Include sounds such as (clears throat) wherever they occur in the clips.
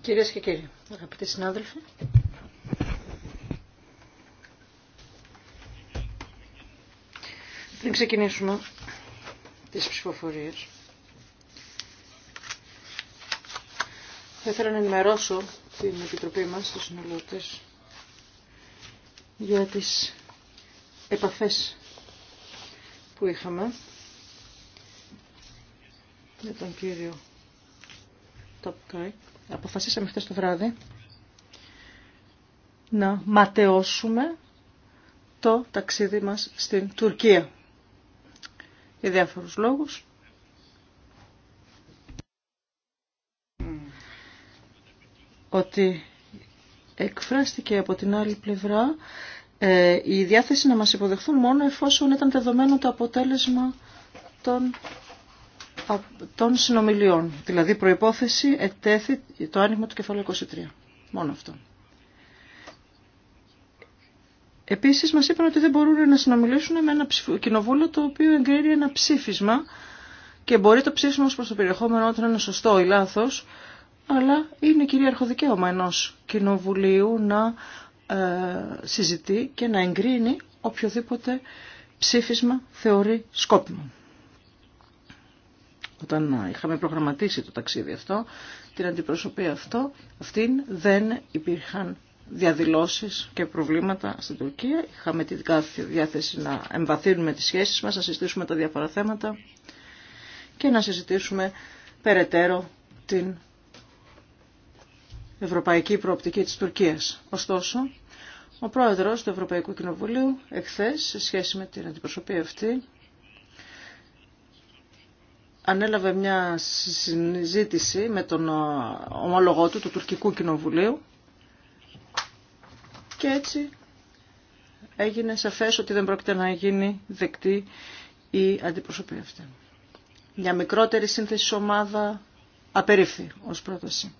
Κυρίες και κύριοι, αγαπητοί συνάδελφοι, πριν ξεκινήσουμε τις ψηφοφορίες, θα ήθελα να ενημερώσω την Επιτροπή μας, τους συνολότες, για τις επαφές που είχαμε για τον κύριο τοπκάι. Αποφασίσαμε χθες το βράδυ να ματαιώσουμε το ταξίδι μας στην Τουρκία. Για διάφορους λόγους. Ότι εκφράστηκε από την άλλη πλευρά ε, η διάθεση να μας υποδεχθούν μόνο εφόσον ήταν δεδομένο το αποτέλεσμα των των συνομιλιών. Δηλαδή προϋπόθεση ετέθη το άνοιγμα του κεφαλαίου 23. Μόνο αυτό. Επίσης μας είπαν ότι δεν μπορούν να συνομιλήσουν με ένα κοινοβούλιο το οποίο εγκρίνει ένα ψήφισμα και μπορεί το ψήφισμα ως προς το περιεχόμενο όταν είναι σωστό ή λάθος, αλλά είναι κυρίαρχο δικαίωμα ενός κοινοβουλίου να ε, συζητεί και να εγκρίνει οποιοδήποτε ψήφισμα θεωρεί σκόπιμο όταν είχαμε προγραμματίσει το ταξίδι αυτό, την αντιπροσωπή αυτό, αυτήν δεν υπήρχαν διαδηλώσεις και προβλήματα στην Τουρκία. Είχαμε τη διάθεση να εμβαθύνουμε τις σχέσεις μας, να συζητήσουμε τα διάφορα θέματα και να συζητήσουμε περαιτέρω την ευρωπαϊκή προοπτική της Τουρκίας. Ωστόσο, ο πρόεδρος του Ευρωπαϊκού Κοινοβουλίου εχθές, σε σχέση με την αντιπροσωπή αυτή, ανέλαβε μια συζήτηση με τον ε, ομόλογό του, του τουρκικού κοινοβουλίου και έτσι έγινε σαφές ότι δεν πρόκειται να γίνει δεκτή η αντιπροσωπή αυτή. Μια μικρότερη σύνθεση ομάδα απερίφθη ως πρόταση.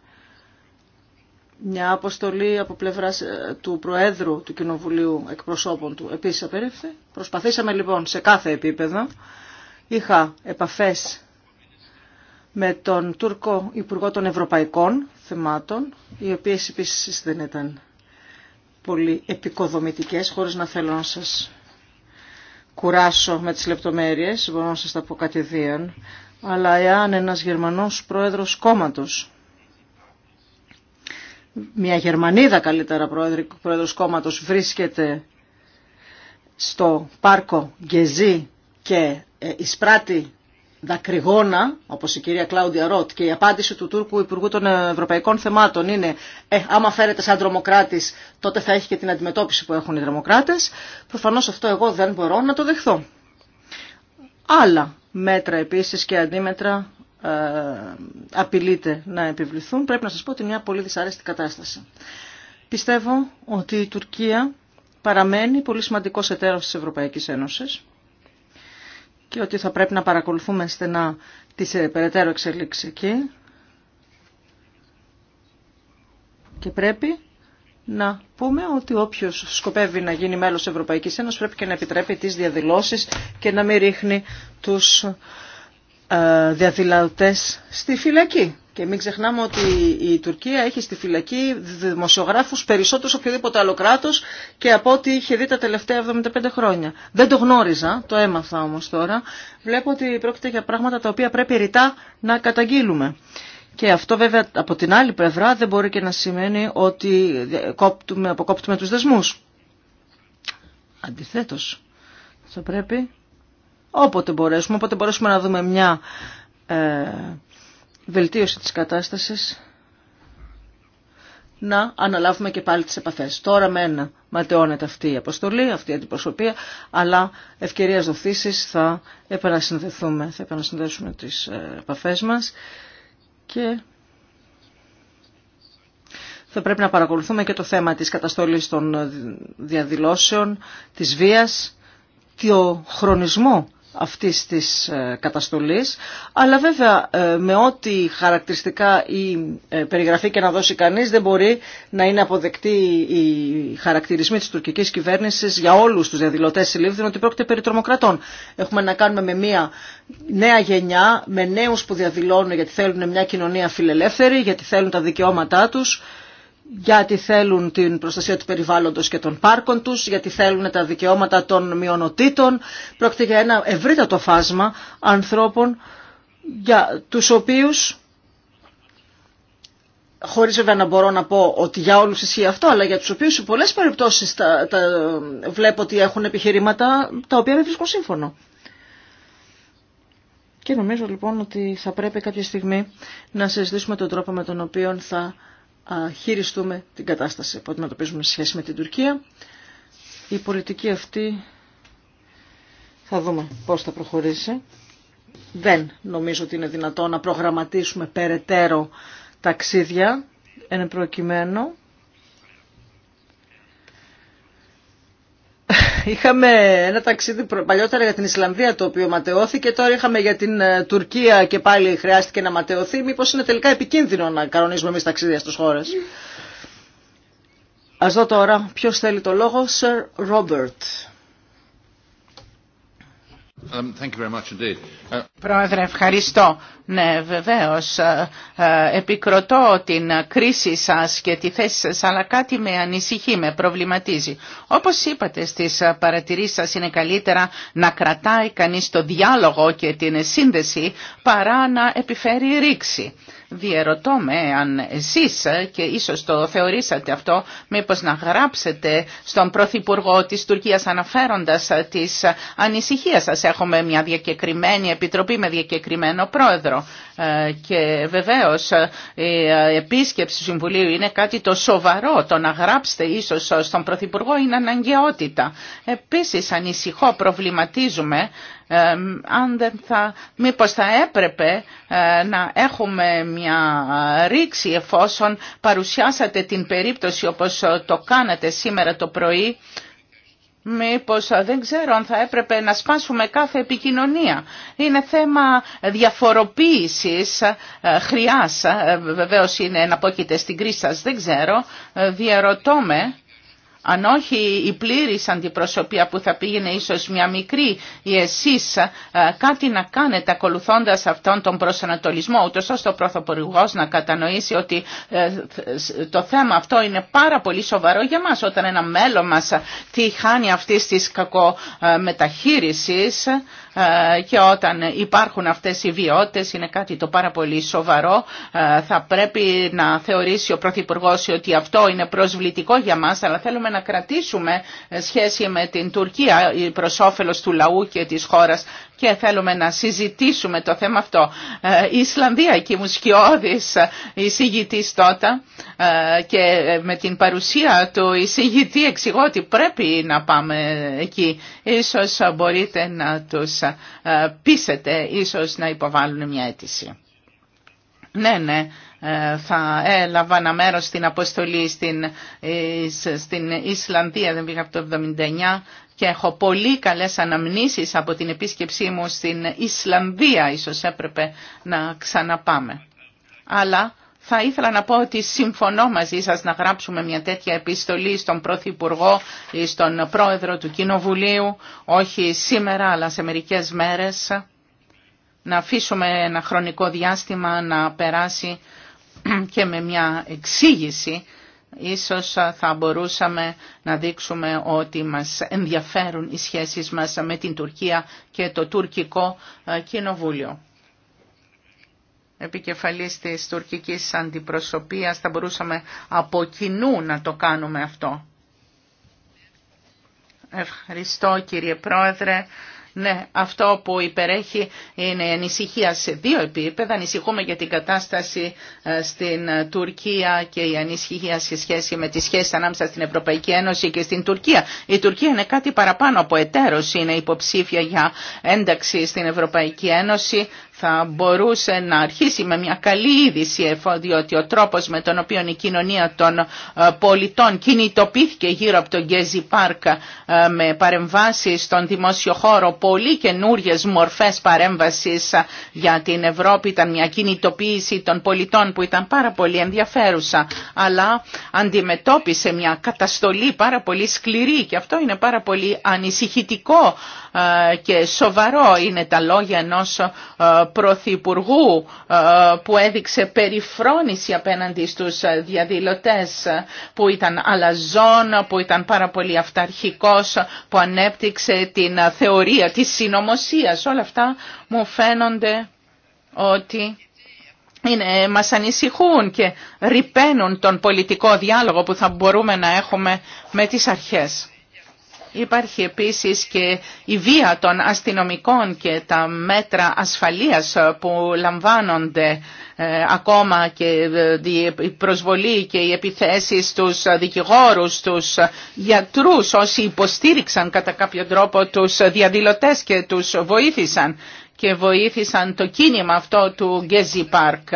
Μια αποστολή από πλευρά ε, του Προέδρου του Κοινοβουλίου εκπροσώπων του επίσης απερίφθη. Προσπαθήσαμε λοιπόν σε κάθε επίπεδο. Είχα επαφές με τον Τούρκο Υπουργό των Ευρωπαϊκών Θεμάτων, οι οποίες επίσης δεν ήταν πολύ επικοδομητικές, χωρίς να θέλω να σας κουράσω με τις λεπτομέρειες, μπορώ να σας τα πω κατηδίαν, αλλά εάν ένας Γερμανός πρόεδρος κόμματος, μια Γερμανίδα καλύτερα πρόεδρος κόμματος βρίσκεται στο πάρκο Γκεζή και ε, εισπράττει δακρυγόνα, όπω η κυρία Κλάουδια Ροτ, και η απάντηση του Τούρκου Υπουργού των Ευρωπαϊκών Θεμάτων είναι «Ε, άμα φέρετε σαν τρομοκράτη, τότε θα έχει και την αντιμετώπιση που έχουν οι τρομοκράτε. Προφανώ αυτό εγώ δεν μπορώ να το δεχθώ. Άλλα μέτρα επίση και αντίμετρα ε, απειλείται να επιβληθούν. Πρέπει να σα πω ότι είναι μια πολύ δυσάρεστη κατάσταση. Πιστεύω ότι η Τουρκία παραμένει πολύ σημαντικό εταίρο τη Ευρωπαϊκή Ένωση και ότι θα πρέπει να παρακολουθούμε στενά τις ε, περαιτέρω εξελίξεις εκεί και πρέπει να πούμε ότι όποιος σκοπεύει να γίνει μέλος Ευρωπαϊκής Ένωσης πρέπει και να επιτρέπει τις διαδηλώσεις και να μην ρίχνει τους ε, διαδηλωτές στη φυλακή. Και μην ξεχνάμε ότι η Τουρκία έχει στη φυλακή δημοσιογράφους περισσότερους οποιοδήποτε άλλο κράτο και από ό,τι είχε δει τα τελευταία 75 χρόνια. Δεν το γνώριζα, το έμαθα όμως τώρα. Βλέπω ότι πρόκειται για πράγματα τα οποία πρέπει ρητά να καταγγείλουμε. Και αυτό βέβαια από την άλλη πλευρά δεν μπορεί και να σημαίνει ότι κόπτουμε, αποκόπτουμε τους δεσμούς. Αντιθέτως, θα πρέπει όποτε μπορέσουμε, όποτε μπορέσουμε να δούμε μια... Ε, βελτίωση της κατάστασης να αναλάβουμε και πάλι τις επαφές. Τώρα με ένα ματαιώνεται αυτή η αποστολή, αυτή η αντιπροσωπεία, αλλά ευκαιρία δοθήσεις θα επανασυνδεθούμε, θα επανασυνδέσουμε τις ε, επαφές μας και θα πρέπει να παρακολουθούμε και το θέμα της καταστολής των ε, διαδηλώσεων, της βίας, το χρονισμό αυτής της ε, καταστολής, αλλά βέβαια ε, με ό,τι χαρακτηριστικά η ε, περιγραφή και να δώσει κανείς δεν μπορεί να είναι αποδεκτή η χαρακτηρισμή της τουρκικής κυβέρνησης για όλους τους διαδηλωτές συλλήφθηνων ότι πρόκειται περί τρομοκρατών. Έχουμε να κάνουμε με μια νέα γενιά, με νέους που διαδηλώνουν γιατί θέλουν μια κοινωνία φιλελεύθερη, γιατί θέλουν τα δικαιώματά τους γιατί θέλουν την προστασία του περιβάλλοντος και των πάρκων τους, γιατί θέλουν τα δικαιώματα των μειονοτήτων. Πρόκειται για ένα ευρύτατο φάσμα ανθρώπων για τους οποίους, χωρίς βέβαια να μπορώ να πω ότι για όλους ισχύει αυτό, αλλά για τους οποίους σε πολλές περιπτώσεις τα, βλέπω ότι έχουν επιχειρήματα τα οποία δεν βρίσκουν σύμφωνο. Και νομίζω λοιπόν ότι θα πρέπει κάποια στιγμή να συζητήσουμε τον τρόπο με τον οποίο θα χειριστούμε την κατάσταση που αντιμετωπίζουμε σε σχέση με την Τουρκία. Η πολιτική αυτή θα δούμε πώς θα προχωρήσει. Δεν νομίζω ότι είναι δυνατό να προγραμματίσουμε περαιτέρω ταξίδια εν προκειμένου. Είχαμε ένα ταξίδι παλιότερα για την Ισλανδία το οποίο ματαιώθηκε, τώρα είχαμε για την ε, Τουρκία και πάλι χρειάστηκε να ματαιωθεί. Μήπως είναι τελικά επικίνδυνο να κανονίζουμε εμείς ταξίδια στους χώρες. Mm. Ας δω τώρα ποιος θέλει το λόγο, Sir Robert. Um, uh, Πρόεδρε, ευχαριστώ. Ναι, βεβαίως. Ε, ε, επικροτώ την κρίση σας και τη θέση σας, αλλά κάτι με ανησυχεί, με προβληματίζει. Όπως είπατε στις παρατηρήσεις σας, είναι καλύτερα να κρατάει κανείς το διάλογο και την σύνδεση παρά να επιφέρει ρήξη διαιρωτώ με αν εσείς ε, και ίσως το θεωρήσατε αυτό μήπως να γράψετε στον Πρωθυπουργό της Τουρκίας αναφέροντας ε, τις ε, ανησυχίες σας. Έχουμε μια διακεκριμένη επιτροπή με διακεκριμένο πρόεδρο και βεβαίως η επίσκεψη του Συμβουλίου είναι κάτι το σοβαρό. Το να γράψετε ίσως στον Πρωθυπουργό είναι αναγκαιότητα. Επίσης ανησυχώ προβληματίζουμε αν δεν θα, μήπως θα έπρεπε ε, να έχουμε μια ρήξη εφόσον παρουσιάσατε την περίπτωση όπως ε, το κάνατε σήμερα το πρωί Μήπως ε, δεν ξέρω αν θα έπρεπε να σπάσουμε κάθε επικοινωνία. Είναι θέμα διαφοροποίησης χρειάς. Βεβαίως είναι να στην κρίση σας, δεν ξέρω. Διαρωτώ με αν όχι η πλήρης αντιπροσωπεία που θα πήγαινε ίσως μια μικρή ή εσείς ε, κάτι να κάνετε ακολουθώντας αυτόν τον προσανατολισμό ούτως ώστε ο Πρωθυπουργός να κατανοήσει ότι ε, το θέμα αυτό είναι πάρα πολύ σοβαρό για μας όταν ένα μέλο μας τη χάνει αυτής της κακομεταχείρισης ε, και όταν υπάρχουν αυτές οι βιότητες είναι κάτι το πάρα πολύ σοβαρό. Ε, θα πρέπει να θεωρήσει ο Πρωθυπουργό ότι αυτό είναι προσβλητικό για μας, αλλά θέλουμε να κρατήσουμε σχέση με την Τουρκία ε, προς όφελος του λαού και της χώρας και θέλουμε να συζητήσουμε το θέμα αυτό. Ε, η Ισλανδία και η Μουσκιώδης ε, εισηγητής τότε ε, και με την παρουσία του εισηγητή εξηγώ ότι πρέπει να πάμε εκεί. Ίσως μπορείτε να τους πείσετε, ίσως να υποβάλουν μια αίτηση. Ναι, ναι θα έλαβα ένα μέρο στην αποστολή στην, στην Ισλανδία, δεν πήγα από το 79 και έχω πολύ καλές αναμνήσεις από την επίσκεψή μου στην Ισλανδία, ίσως έπρεπε να ξαναπάμε. Αλλά θα ήθελα να πω ότι συμφωνώ μαζί σας να γράψουμε μια τέτοια επιστολή στον Πρωθυπουργό ή στον Πρόεδρο του Κοινοβουλίου, όχι σήμερα αλλά σε μερικές μέρες, να αφήσουμε ένα χρονικό διάστημα να περάσει και με μια εξήγηση Ίσως θα μπορούσαμε να δείξουμε ότι μας ενδιαφέρουν οι σχέσεις μας με την Τουρκία και το τουρκικό ε, κοινοβούλιο. Επικεφαλής της τουρκικής αντιπροσωπείας θα μπορούσαμε από κοινού να το κάνουμε αυτό. Ευχαριστώ κύριε Πρόεδρε. Ναι, αυτό που υπερέχει είναι ανησυχία σε δύο επίπεδα. Ανησυχούμε για την κατάσταση ε, στην ε, Τουρκία και η ανησυχία σε σχέση με τις σχέσεις ανάμεσα στην Ευρωπαϊκή Ένωση και στην Τουρκία. Η Τουρκία είναι κάτι παραπάνω από εταίρος, είναι υποψήφια για ένταξη στην Ευρωπαϊκή Ένωση θα μπορούσε να αρχίσει με μια καλή είδηση διότι ο τρόπος με τον οποίο η κοινωνία των ε, πολιτών κινητοποιήθηκε γύρω από τον Γκέζι Πάρκ ε, με παρεμβάσεις στον δημόσιο χώρο, πολύ καινούριε μορφές παρέμβασης ε, για την Ευρώπη ήταν μια κινητοποίηση των πολιτών που ήταν πάρα πολύ ενδιαφέρουσα αλλά αντιμετώπισε μια καταστολή πάρα πολύ σκληρή και αυτό είναι πάρα πολύ ανησυχητικό ε, και σοβαρό είναι τα λόγια ενός ε, πρωθυπουργού ε, που έδειξε περιφρόνηση απέναντι στους διαδηλωτές που ήταν αλαζόν, που ήταν πάρα πολύ αυταρχικός, που ανέπτυξε την θεωρία της συνωμοσίας. Όλα αυτά μου φαίνονται ότι είναι, μας ανησυχούν και ρηπαίνουν τον πολιτικό διάλογο που θα μπορούμε να έχουμε με τις αρχές. Υπάρχει επίσης και η βία των αστυνομικών και τα μέτρα ασφαλείας που λαμβάνονται ε, ακόμα και ε, η προσβολή και οι επιθέσεις στους ε, δικηγόρους, τους γιατρούς όσοι υποστήριξαν κατά κάποιο τρόπο τους διαδηλωτές και τους βοήθησαν και βοήθησαν το κίνημα αυτό του Γκέζι Πάρκ.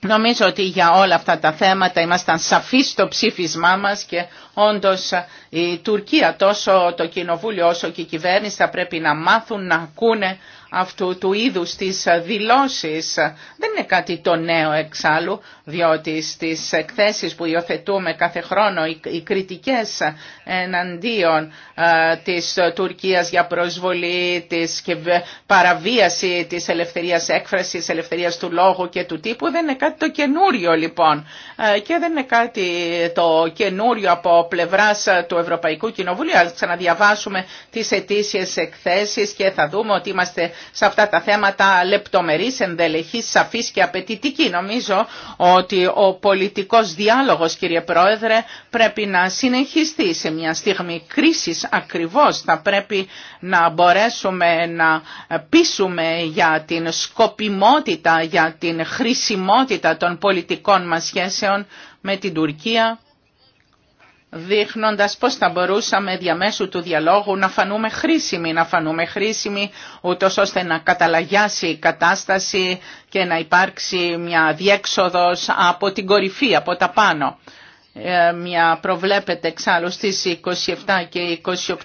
Νομίζω ότι για όλα αυτά τα θέματα ήμασταν σαφείς στο ψήφισμά μας και όντως ε, η Τουρκία τόσο το κοινοβούλιο όσο και η κυβέρνηση θα πρέπει να μάθουν να ακούνε αυτού του είδους τις δηλώσεις. Δεν είναι κάτι το νέο εξάλλου, διότι στις εκθέσεις που υιοθετούμε κάθε χρόνο οι κριτικές εναντίον ε, της Τουρκίας για προσβολή, της και παραβίαση της ελευθερίας έκφρασης, ελευθερίας του λόγου και του τύπου δεν είναι κάτι το καινούριο λοιπόν ε, και δεν είναι κάτι το καινούριο από πλευράς του Ευρωπαϊκού Κοινοβουλίου. Ας ξαναδιαβάσουμε τις ετήσιες εκθέσεις και θα δούμε ότι είμαστε σε αυτά τα θέματα λεπτομερή ενδελεχής, σαφής και απαιτητική. Νομίζω ότι ο πολιτικός διάλογος, κύριε Πρόεδρε, πρέπει να συνεχιστεί σε μια στιγμή κρίσης ακριβώς. Θα πρέπει να μπορέσουμε να πείσουμε για την σκοπιμότητα, για την χρησιμότητα των πολιτικών μας σχέσεων με την Τουρκία δείχνοντας πώς θα μπορούσαμε διαμέσου του διαλόγου να φανούμε χρήσιμοι, να φανούμε χρήσιμοι ούτως ώστε να καταλαγιάσει η κατάσταση και να υπάρξει μια διέξοδος από την κορυφή, από τα πάνω. Ε, μια προβλέπεται εξάλλου στις 27 και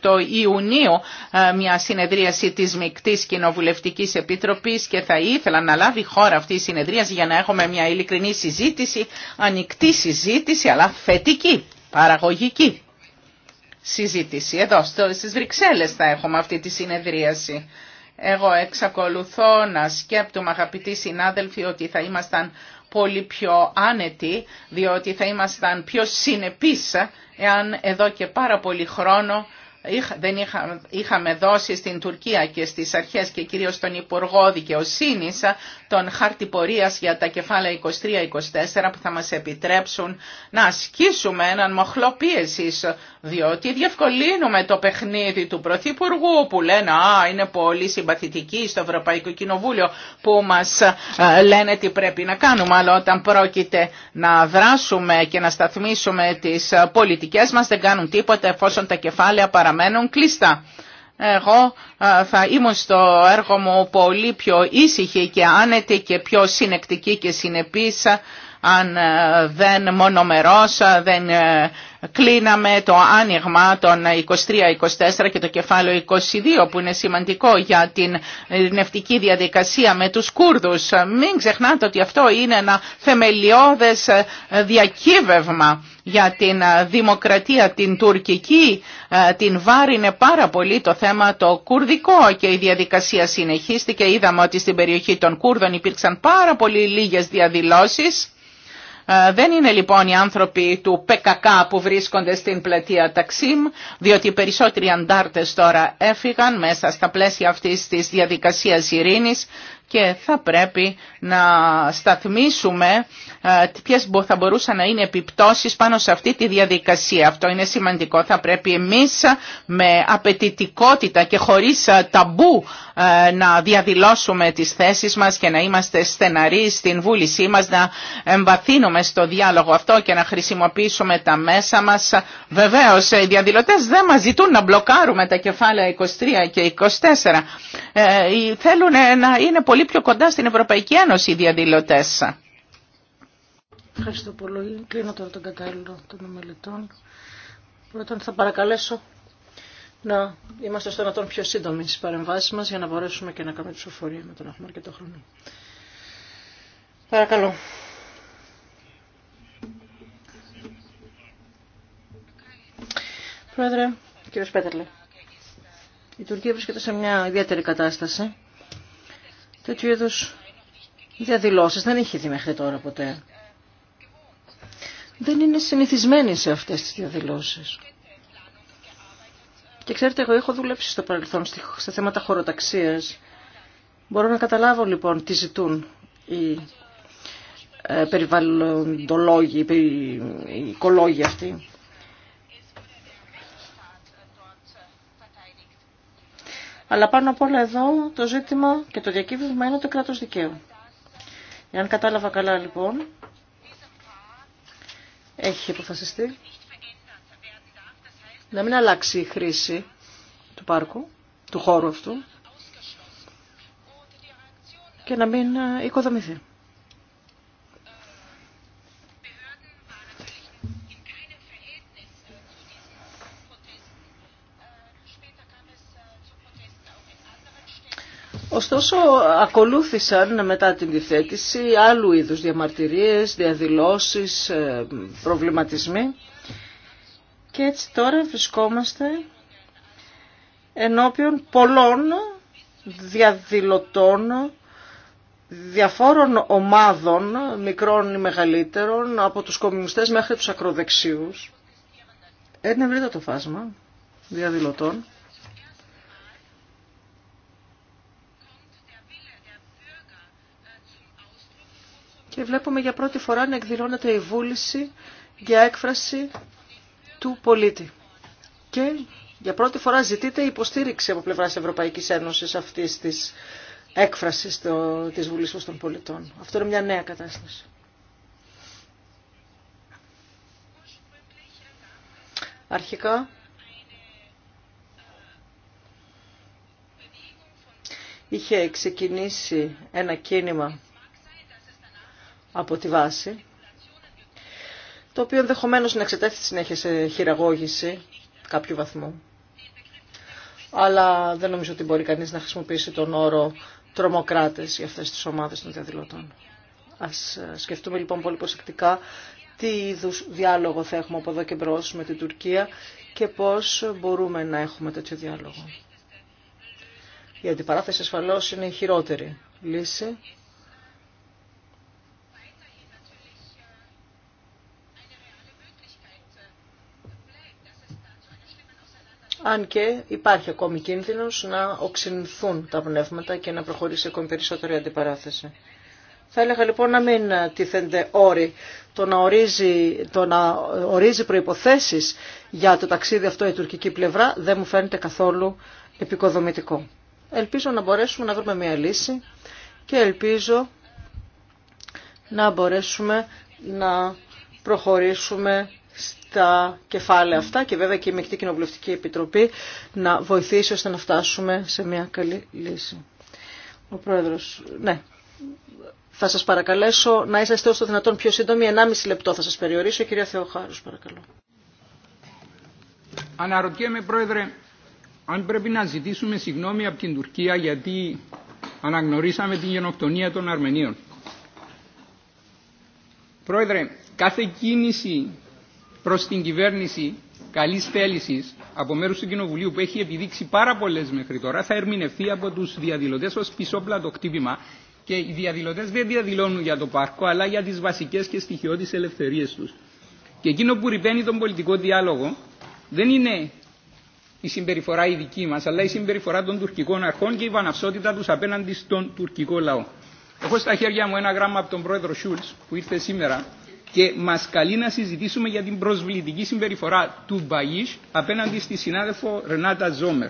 28 Ιουνίου ε, μια συνεδρίαση της Μικτής Κοινοβουλευτικής Επιτροπής και θα ήθελα να λάβει χώρα αυτή η συνεδρίαση για να έχουμε μια ειλικρινή συζήτηση, ανοιχτή συζήτηση αλλά θετική παραγωγική συζήτηση. Εδώ στις Βρυξέλλες θα έχουμε αυτή τη συνεδρίαση. Εγώ εξακολουθώ να σκέπτομαι αγαπητοί συνάδελφοι ότι θα ήμασταν πολύ πιο άνετοι, διότι θα ήμασταν πιο συνεπείς εάν εδώ και πάρα πολύ χρόνο δεν είχα, είχαμε δώσει στην Τουρκία και στις αρχές και κυρίως στον Υπουργό Δικαιοσύνη τον χάρτη πορείας για τα κεφάλαια 23-24 που θα μας επιτρέψουν να ασκήσουμε έναν μοχλό πίεση διότι διευκολύνουμε το παιχνίδι του Πρωθυπουργού που λένε «Α, είναι πολύ συμπαθητική στο Ευρωπαϊκό Κοινοβούλιο που μας ε, λένε τι πρέπει να κάνουμε», αλλά όταν πρόκειται να δράσουμε και να σταθμίσουμε τις ε, πολιτικές μας δεν κάνουν τίποτα εφόσον τα κεφάλαια παραμένουν κλειστά εγώ ε, θα ήμουν στο έργο μου πολύ πιο ήσυχη και άνετη και πιο συνεκτική και συνεπής αν ε, δεν μονομερός, ε, δεν κλείναμε το άνοιγμα των 23-24 και το κεφάλαιο 22 που είναι σημαντικό για την ειρηνευτική διαδικασία με τους Κούρδους. Μην ξεχνάτε ότι αυτό είναι ένα θεμελιώδες διακύβευμα για την δημοκρατία την τουρκική την βάρινε πάρα πολύ το θέμα το κουρδικό και η διαδικασία συνεχίστηκε. Είδαμε ότι στην περιοχή των Κούρδων υπήρξαν πάρα πολύ λίγες διαδηλώσεις ε, δεν είναι λοιπόν οι άνθρωποι του ΠΚΚ που βρίσκονται στην πλατεία Ταξίμ, διότι οι περισσότεροι αντάρτες τώρα έφυγαν μέσα στα πλαίσια αυτής της διαδικασίας ειρήνης και θα πρέπει να σταθμίσουμε Ποιε θα μπορούσαν να είναι επιπτώσει πάνω σε αυτή τη διαδικασία. Αυτό είναι σημαντικό. Θα πρέπει εμεί με απαιτητικότητα και χωρί ταμπού να διαδηλώσουμε τις θέσεις μας και να είμαστε στεναροί στην βούλησή μας, να εμβαθύνουμε στο διάλογο αυτό και να χρησιμοποιήσουμε τα μέσα μας. Βεβαίως, οι διαδηλωτές δεν μας ζητούν να μπλοκάρουμε τα κεφάλαια 23 και 24. Ε, Θέλουν να είναι πολύ πιο κοντά στην Ευρωπαϊκή Ένωση οι διαδηλωτές. Ευχαριστώ πολύ. Κλείνω τώρα τον κατάλληλο των μελετών. Πρώτον θα παρακαλέσω να είμαστε στο δυνατόν πιο σύντομοι στις παρεμβάσει μας για να μπορέσουμε και να κάνουμε ψηφοφορία με τον έχουμε αρκετό χρόνο. Παρακαλώ. Πρόεδρε, κύριος Πέτερλε, η Τουρκία βρίσκεται σε μια ιδιαίτερη κατάσταση. Τέτοιου είδους διαδηλώσει δεν είχε δει μέχρι τώρα ποτέ δεν είναι συνηθισμένοι σε αυτές τις διαδηλώσεις. Και ξέρετε, εγώ έχω δουλέψει στο παρελθόν σε θέματα χωροταξίας. Μπορώ να καταλάβω λοιπόν τι ζητούν οι ε, περιβαλλοντολόγοι, οι οικολόγοι αυτοί. Αλλά πάνω απ' όλα εδώ το ζήτημα και το διακύβευμα είναι το κράτος δικαίου. Εάν κατάλαβα καλά λοιπόν, έχει αποφασιστεί να μην αλλάξει η χρήση του πάρκου, του χώρου αυτού και να μην οικοδομηθεί. Ωστόσο, ακολούθησαν μετά την διθέτηση άλλου είδους διαμαρτυρίες, διαδηλώσεις, ε, προβληματισμοί. Και έτσι τώρα βρισκόμαστε ενώπιον πολλών διαδηλωτών διαφόρων ομάδων, μικρών ή μεγαλύτερων, από τους κομμουνιστές μέχρι τους ακροδεξίους. Ένα βρήκα το φάσμα διαδηλωτών. και βλέπουμε για πρώτη φορά να εκδηλώνεται η βούληση για έκφραση του πολίτη. Και για πρώτη φορά ζητείται υποστήριξη από πλευρά Ευρωπαϊκή Ένωση αυτή τη έκφραση τη Βουλή των Πολιτών. Αυτό είναι μια νέα κατάσταση. Αρχικά, είχε ξεκινήσει ένα κίνημα από τη βάση, το οποίο ενδεχομένω να εξετάσει συνέχεια σε χειραγώγηση κάποιου βαθμού. Αλλά δεν νομίζω ότι μπορεί κανείς να χρησιμοποιήσει τον όρο τρομοκράτες για αυτές τις ομάδες των διαδηλωτών. Ας ε, σκεφτούμε λοιπόν πολύ προσεκτικά τι είδους διάλογο θα έχουμε από εδώ και μπρος με την Τουρκία και πώς μπορούμε να έχουμε τέτοιο διάλογο. Η αντιπαράθεση ασφαλώς είναι η χειρότερη λύση αν και υπάρχει ακόμη κίνδυνος να οξυνθούν τα πνεύματα και να προχωρήσει ακόμη περισσότερη αντιπαράθεση. Θα έλεγα λοιπόν να μην τίθενται όροι το να ορίζει, το να ορίζει προϋποθέσεις για το ταξίδι αυτό η τουρκική πλευρά δεν μου φαίνεται καθόλου επικοδομητικό. Ελπίζω να μπορέσουμε να βρούμε μια λύση και ελπίζω να μπορέσουμε να προχωρήσουμε τα κεφάλαια αυτά και βέβαια και η Μεκτή Κοινοβουλευτική Επιτροπή να βοηθήσει ώστε να φτάσουμε σε μια καλή λύση. Ο Πρόεδρος, ναι, θα σας παρακαλέσω να είσαστε όσο δυνατόν πιο σύντομοι, 1,5 λεπτό θα σας περιορίσω. Κυρία Θεοχάρους, παρακαλώ. Αναρωτιέμαι, Πρόεδρε, αν πρέπει να ζητήσουμε συγγνώμη από την Τουρκία γιατί αναγνωρίσαμε την γενοκτονία των Αρμενίων. Πρόεδρε, κάθε κίνηση προς την κυβέρνηση καλή θέληση από μέρου του Κοινοβουλίου που έχει επιδείξει πάρα πολλέ μέχρι τώρα θα ερμηνευτεί από του διαδηλωτέ ω πισόπλατο χτύπημα και οι διαδηλωτέ δεν διαδηλώνουν για το πάρκο αλλά για τι βασικέ και στοιχειώδει ελευθερίε του. Και εκείνο που ρηπαίνει τον πολιτικό διάλογο δεν είναι η συμπεριφορά η δική μα αλλά η συμπεριφορά των τουρκικών αρχών και η βαναυσότητα του απέναντι στον τουρκικό λαό. Έχω στα χέρια μου ένα γράμμα από τον πρόεδρο Σούλτ που ήρθε σήμερα και μα καλεί να συζητήσουμε για την προσβλητική συμπεριφορά του Μπαγής απέναντι στη συνάδελφο Ρενάτα Ζόμερ.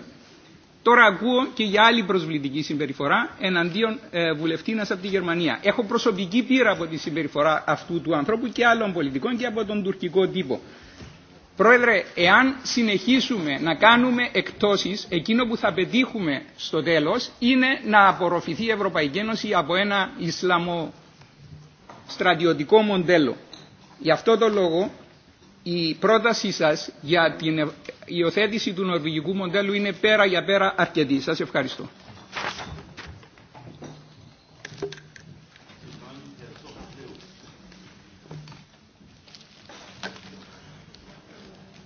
Τώρα ακούω και για άλλη προσβλητική συμπεριφορά εναντίον ε, βουλευτήνα από τη Γερμανία. Έχω προσωπική πείρα από τη συμπεριφορά αυτού του ανθρώπου και άλλων πολιτικών και από τον τουρκικό τύπο. Πρόεδρε, εάν συνεχίσουμε να κάνουμε εκτόσεις, εκείνο που θα πετύχουμε στο τέλος είναι να απορροφηθεί η Ευρωπαϊκή Ένωση από ένα στρατιωτικό μοντέλο. Γι' αυτό το λόγο η πρότασή σας για την υιοθέτηση του νορβηγικού μοντέλου είναι πέρα για πέρα αρκετή. Σας ευχαριστώ.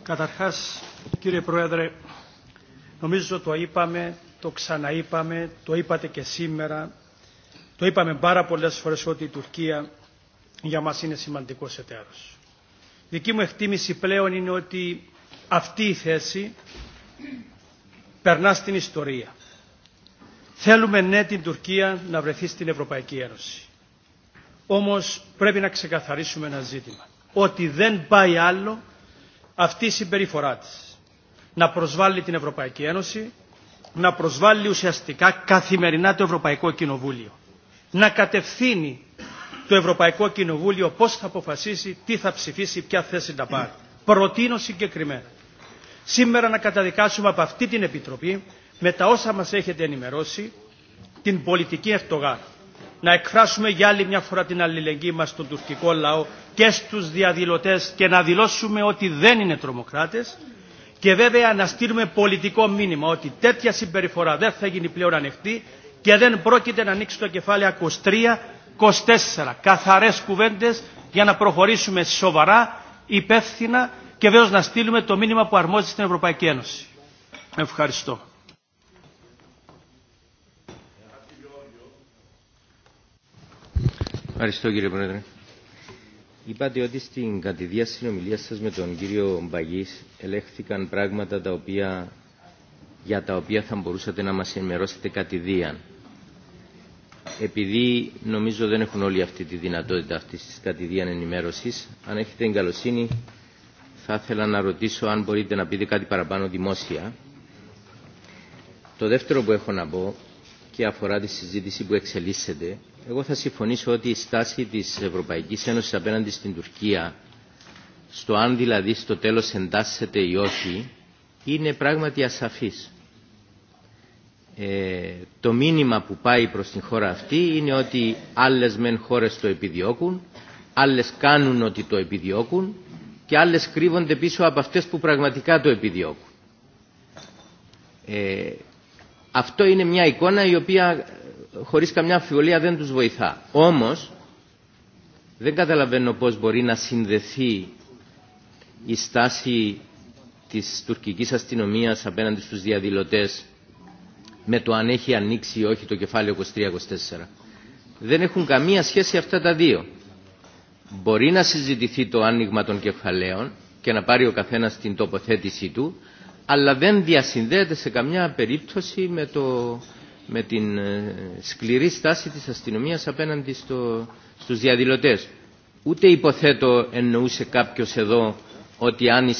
Καταρχάς, κύριε Πρόεδρε, νομίζω το είπαμε, το ξαναείπαμε, το είπατε και σήμερα, το είπαμε πάρα πολλές φορές ότι η Τουρκία για μας είναι σημαντικός εταίρος. Δική μου εκτίμηση πλέον είναι ότι αυτή η θέση περνά στην ιστορία. Θέλουμε ναι την Τουρκία να βρεθεί στην Ευρωπαϊκή Ένωση. Όμως πρέπει να ξεκαθαρίσουμε ένα ζήτημα. Ότι δεν πάει άλλο αυτή η συμπεριφορά της. Να προσβάλλει την Ευρωπαϊκή Ένωση, να προσβάλλει ουσιαστικά καθημερινά το Ευρωπαϊκό Κοινοβούλιο. Να κατευθύνει το Ευρωπαϊκό Κοινοβούλιο πώς θα αποφασίσει, τι θα ψηφίσει, ποια θέση να πάρει. Προτείνω συγκεκριμένα. Σήμερα να καταδικάσουμε από αυτή την Επιτροπή, με τα όσα μας έχετε ενημερώσει, την πολιτική ευτογά... Να εκφράσουμε για άλλη μια φορά την αλληλεγγύη μας στον τουρκικό λαό και στους διαδηλωτές και να δηλώσουμε ότι δεν είναι τρομοκράτες και βέβαια να στείλουμε πολιτικό μήνυμα ότι τέτοια συμπεριφορά δεν θα γίνει πλέον ανοιχτή και δεν πρόκειται να ανοίξει το κεφάλαιο 24 καθαρές κουβέντες για να προχωρήσουμε σοβαρά, υπεύθυνα και βέβαια να στείλουμε το μήνυμα που αρμόζει στην Ευρωπαϊκή Ένωση. Ευχαριστώ. Ευχαριστώ κύριε Πρόεδρε. Είπατε ότι στην κατηδία συνομιλία σας με τον κύριο Μπαγής ελέγχθηκαν πράγματα τα οποία, για τα οποία θα μπορούσατε να μας ενημερώσετε κατηδίαν επειδή νομίζω δεν έχουν όλοι αυτή τη δυνατότητα αυτή τη κατηδίαν ενημέρωση, αν έχετε εγκαλοσύνη, θα ήθελα να ρωτήσω αν μπορείτε να πείτε κάτι παραπάνω δημόσια. Το δεύτερο που έχω να πω και αφορά τη συζήτηση που εξελίσσεται, εγώ θα συμφωνήσω ότι η στάση της Ευρωπαϊκής Ένωσης απέναντι στην Τουρκία, στο αν δηλαδή στο τέλο εντάσσεται ή όχι, είναι πράγματι ασαφής. Ε, το μήνυμα που πάει προς την χώρα αυτή είναι ότι άλλες μεν χώρες το επιδιώκουν, άλλες κάνουν ότι το επιδιώκουν και άλλες κρύβονται πίσω από αυτές που πραγματικά το επιδιώκουν. Ε, αυτό είναι μια εικόνα η οποία ε, χωρίς καμιά αφιβολία δεν τους βοηθά. Όμως δεν καταλαβαίνω πώς μπορεί να συνδεθεί η στάση της τουρκικής αστυνομίας απέναντι στους διαδηλωτές με το αν έχει ανοίξει ή όχι το κεφάλαιο 23-24. Δεν έχουν καμία σχέση αυτά τα δύο. Μπορεί να συζητηθεί το άνοιγμα των κεφαλαίων και να πάρει ο καθένας την τοποθέτησή του, αλλά δεν διασυνδέεται σε καμιά περίπτωση με, το, με την ε, σκληρή στάση της αστυνομίας απέναντι στο, στους διαδηλωτές. Ούτε υποθέτω εννοούσε κάποιος εδώ ότι αν,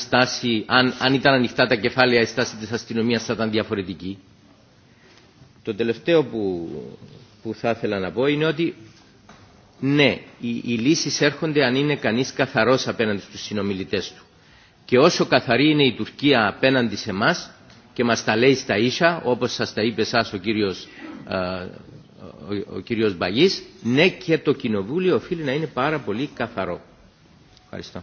αν, αν ήταν ανοιχτά τα κεφάλαια η στάση της αστυνομίας θα ήταν διαφορετική. Το τελευταίο που, που θα ήθελα να πω είναι ότι ναι, οι, οι λύσεις έρχονται αν είναι κανείς καθαρός απέναντι στους συνομιλητές του. Και όσο καθαρή είναι η Τουρκία απέναντι σε εμά και μας τα λέει στα ίσα, όπως σας τα είπε εσάς ο κύριος, ε, ο, ο κύριος Μπαγής, ναι και το Κοινοβούλιο οφείλει να είναι πάρα πολύ καθαρό. Ευχαριστώ.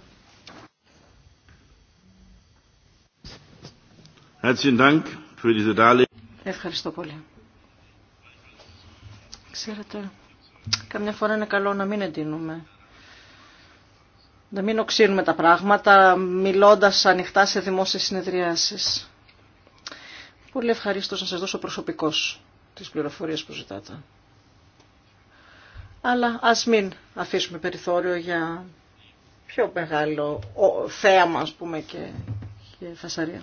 Ευχαριστώ πολύ. Ξέρετε, καμιά φορά είναι καλό να μην εντείνουμε. Να μην οξύνουμε τα πράγματα μιλώντας ανοιχτά σε δημόσιες συνεδριάσεις. Πολύ ευχαρίστως να σας δώσω προσωπικός τις πληροφορίες που ζητάτε. Αλλά ας μην αφήσουμε περιθώριο για πιο μεγάλο θέαμα, ας πούμε, και, και φασαρία.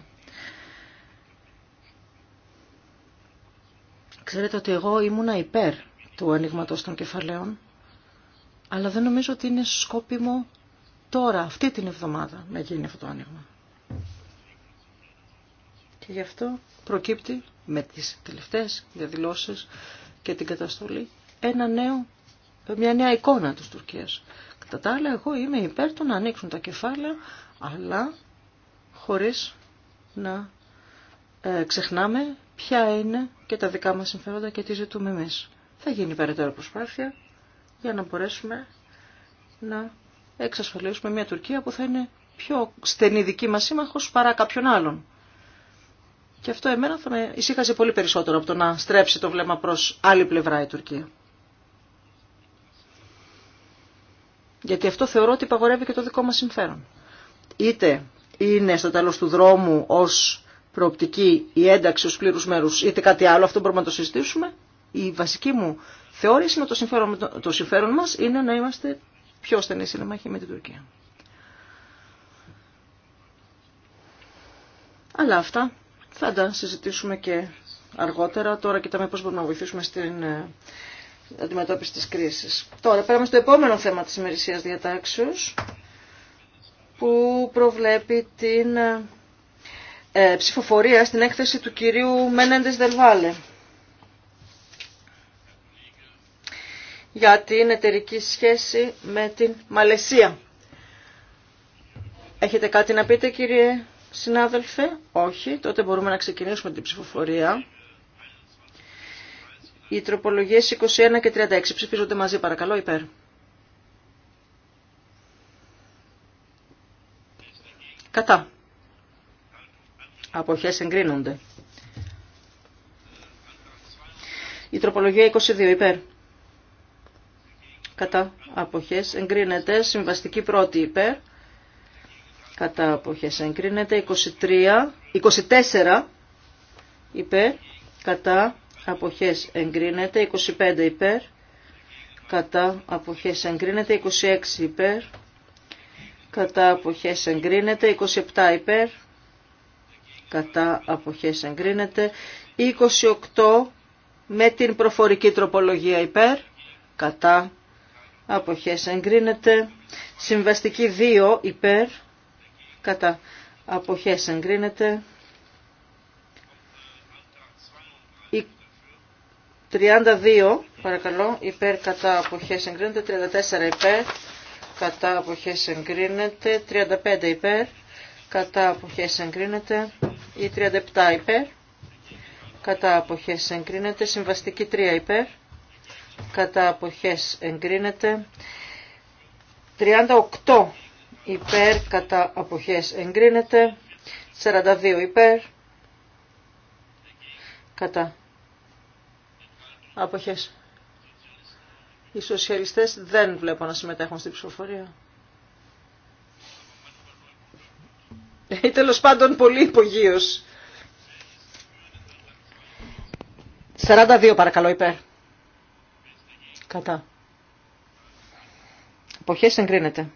Ξέρετε ότι εγώ ήμουνα υπέρ του ανοίγματο των κεφαλαίων. Αλλά δεν νομίζω ότι είναι σκόπιμο τώρα, αυτή την εβδομάδα, να γίνει αυτό το άνοιγμα. Και γι' αυτό προκύπτει με τις τελευταίες διαδηλώσει και την καταστολή ένα νέο, μια νέα εικόνα της Τουρκίας. Κατά τα άλλα, εγώ είμαι υπέρ του να ανοίξουν τα κεφάλαια, αλλά χωρίς να ε, ξεχνάμε ποια είναι και τα δικά μας συμφέροντα και τι ζητούμε εμείς θα γίνει περαιτέρω προσπάθεια για να μπορέσουμε να εξασφαλίσουμε μια Τουρκία που θα είναι πιο στενή δική μας σύμμαχος παρά κάποιον άλλον. Και αυτό εμένα θα με ησύχαζε πολύ περισσότερο από το να στρέψει το βλέμμα προς άλλη πλευρά η Τουρκία. Γιατί αυτό θεωρώ ότι υπαγορεύει και το δικό μας συμφέρον. Είτε είναι στο τέλος του δρόμου ως προοπτική η ένταξη ως πλήρους μέρους, είτε κάτι άλλο, αυτό μπορούμε να το συζητήσουμε, η βασική μου θεώρηση είναι το συμφέρον, το μας είναι να είμαστε πιο στενοί συνομάχοι με την Τουρκία. Αλλά αυτά θα τα συζητήσουμε και αργότερα. Τώρα κοιτάμε πώς μπορούμε να βοηθήσουμε στην ε, αντιμετώπιση της κρίσης. Τώρα πέραμε στο επόμενο θέμα της ημερησίας διατάξεως που προβλέπει την ε, ε, ψηφοφορία στην έκθεση του κυρίου Μένεντες Δελβάλε. για την εταιρική σχέση με την Μαλαισία. Έχετε κάτι να πείτε κύριε συνάδελφε? Όχι. Τότε μπορούμε να ξεκινήσουμε την ψηφοφορία. Οι τροπολογίες 21 και 36 ψηφίζονται μαζί παρακαλώ υπέρ. Κατά. Αποχές εγκρίνονται. Η τροπολογία 22 υπέρ κατά αποχές εγκρίνεται. Συμβαστική πρώτη υπέρ, κατά αποχές εγκρίνεται. 23, 24 υπέρ, κατά αποχές εγκρίνεται. 25 υπέρ, κατά αποχές εγκρίνεται. 26 υπέρ, κατά αποχές εγκρίνεται. 27 υπέρ, κατά αποχές εγκρίνεται. 28 με την προφορική τροπολογία υπέρ, κατά αποχές εγκρίνεται. Συμβαστική 2 υπέρ κατά αποχές εγκρίνεται. 32 παρακαλώ υπέρ κατά αποχές εγκρίνεται. 34 υπέρ κατά αποχές εγκρίνεται. 35 υπέρ κατά αποχές εγκρίνεται. Ή 37 υπέρ κατά αποχές εγκρίνεται. Συμβαστική 3 υπέρ κατά αποχές εγκρίνεται. 38 υπέρ κατά αποχές εγκρίνεται. 42 υπέρ κατά αποχές. Οι σοσιαλιστές δεν βλέπω να συμμετέχουν στην ψηφοφορία. Ή ε, τέλος πάντων πολύ υπογείως. 42 παρακαλώ υπέρ. Κατά. εποχές εγκρίνεται.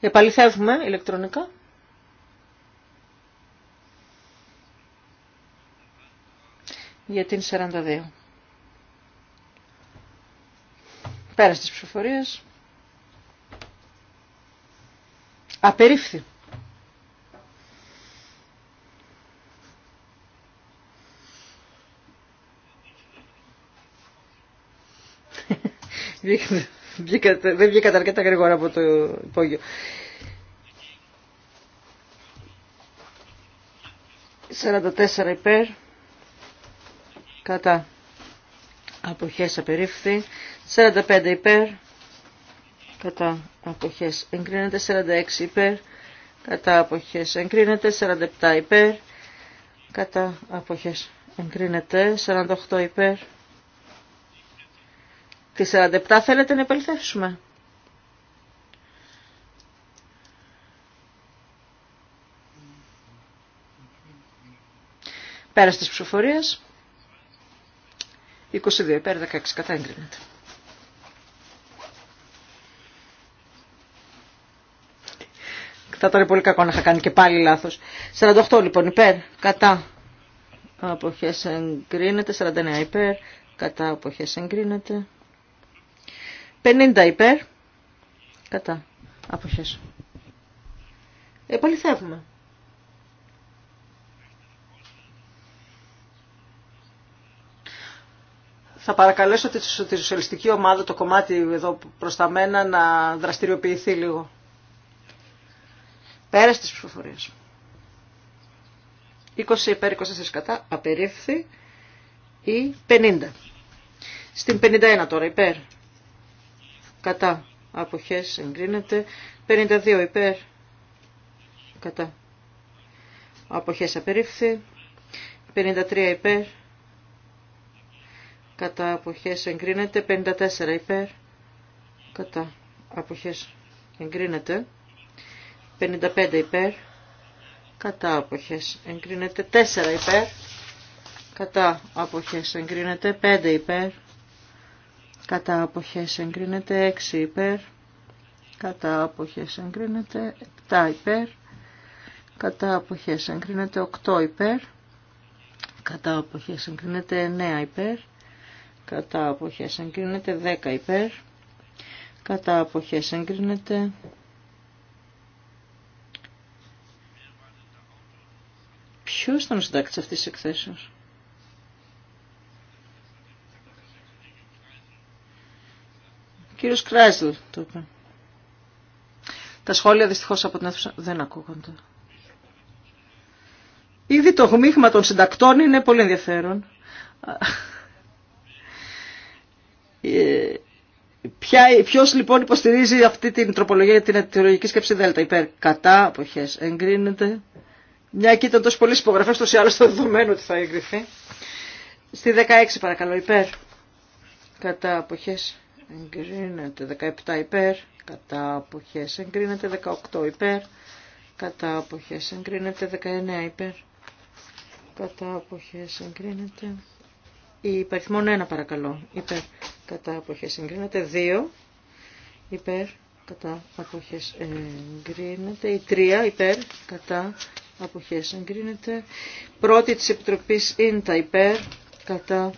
Επαληθεύουμε ηλεκτρονικά. Για την 42. Πέρα τις ψηφοφορίες. Απερίφθη. δεν βγήκατε αρκετά γρήγορα από το υπόγειο. «44 υπέρ, κατά αποχές απερίφθη, 45 υπέρ, κατά αποχές εγκρίνεται, 46 υπέρ, κατά αποχές εγκρίνεται, 47 υπέρ, κατά αποχές εγκρίνεται, 48 υπέρ, Τη 47 θέλετε να επελθεύσουμε. Πέρα τη ψηφοφορίες. 22 υπέρ 16 κατά εγκρίνεται. Θα ήταν πολύ κακό να είχα κάνει και πάλι λάθος. 48 λοιπόν υπέρ, κατά αποχές εγκρίνεται, 49 υπέρ, κατά αποχές εγκρίνεται. 50 υπέρ. Κατά. Αποχές. Επαληθεύουμε. Θα παρακαλέσω τη σοσιαλιστική ομάδα, το κομμάτι εδώ προς τα μένα, να δραστηριοποιηθεί λίγο. Πέρα στις ψηφοφορίες. 20 υπέρ 24 κατά, απερίφθη ή 50. Στην 51 τώρα υπέρ κατά αποχές εγκρίνεται 52 υπέρ κατά αποχές απερίφθη 53 υπέρ κατά αποχές εγκρίνεται 54 υπέρ κατά αποχές εγκρίνεται 55 υπέρ κατά αποχές εγκρίνεται 4 υπέρ κατά αποχές εγκρίνεται 5 υπέρ κατά αποχές εγκρίνεται 6 υπέρ, κατά αποχές εγκρίνεται 7 υπέρ, κατά αποχές εγκρίνεται 8 υπέρ, κατά αποχές εγκρίνεται 9 υπέρ, κατά αποχές εγκρίνεται 10 υπέρ, κατά αποχές εγκρίνεται Ποιος ήταν ο συντάκτης αυτής της εκθέσεως. Κύριος Κράισλ το είπε. Τα σχόλια δυστυχώς από την αίθουσα δεν ακούγονται. Ήδη το γμίγμα των συντακτών είναι πολύ ενδιαφέρον. Ε, ποιος λοιπόν υποστηρίζει αυτή την τροπολογία για την αιτιολογική σκέψη Δέλτα. Υπέρ κατά αποχές εγκρίνεται. Μια και ήταν τόσο πολλέ υπογραφέ, τόσο άλλο στο δεδομένο ότι θα εγκριθεί. Στη 16 παρακαλώ, υπέρ κατά αποχέ εγκρίνεται 17 υπέρ, κατά αποχές εγκρίνεται 18 υπέρ, κατά αποχές εγκρίνεται 19 υπέρ, κατά αποχές εγκρίνεται η υπαριθμόν 1 παρακαλώ, υπέρ, κατά αποχές εγκρίνεται 2 υπέρ, κατά αποχές εγκρίνεται η 3 υπέρ, κατά αποχές εγκρίνεται πρώτη της Επιτροπής είναι τα υπέρ, κατά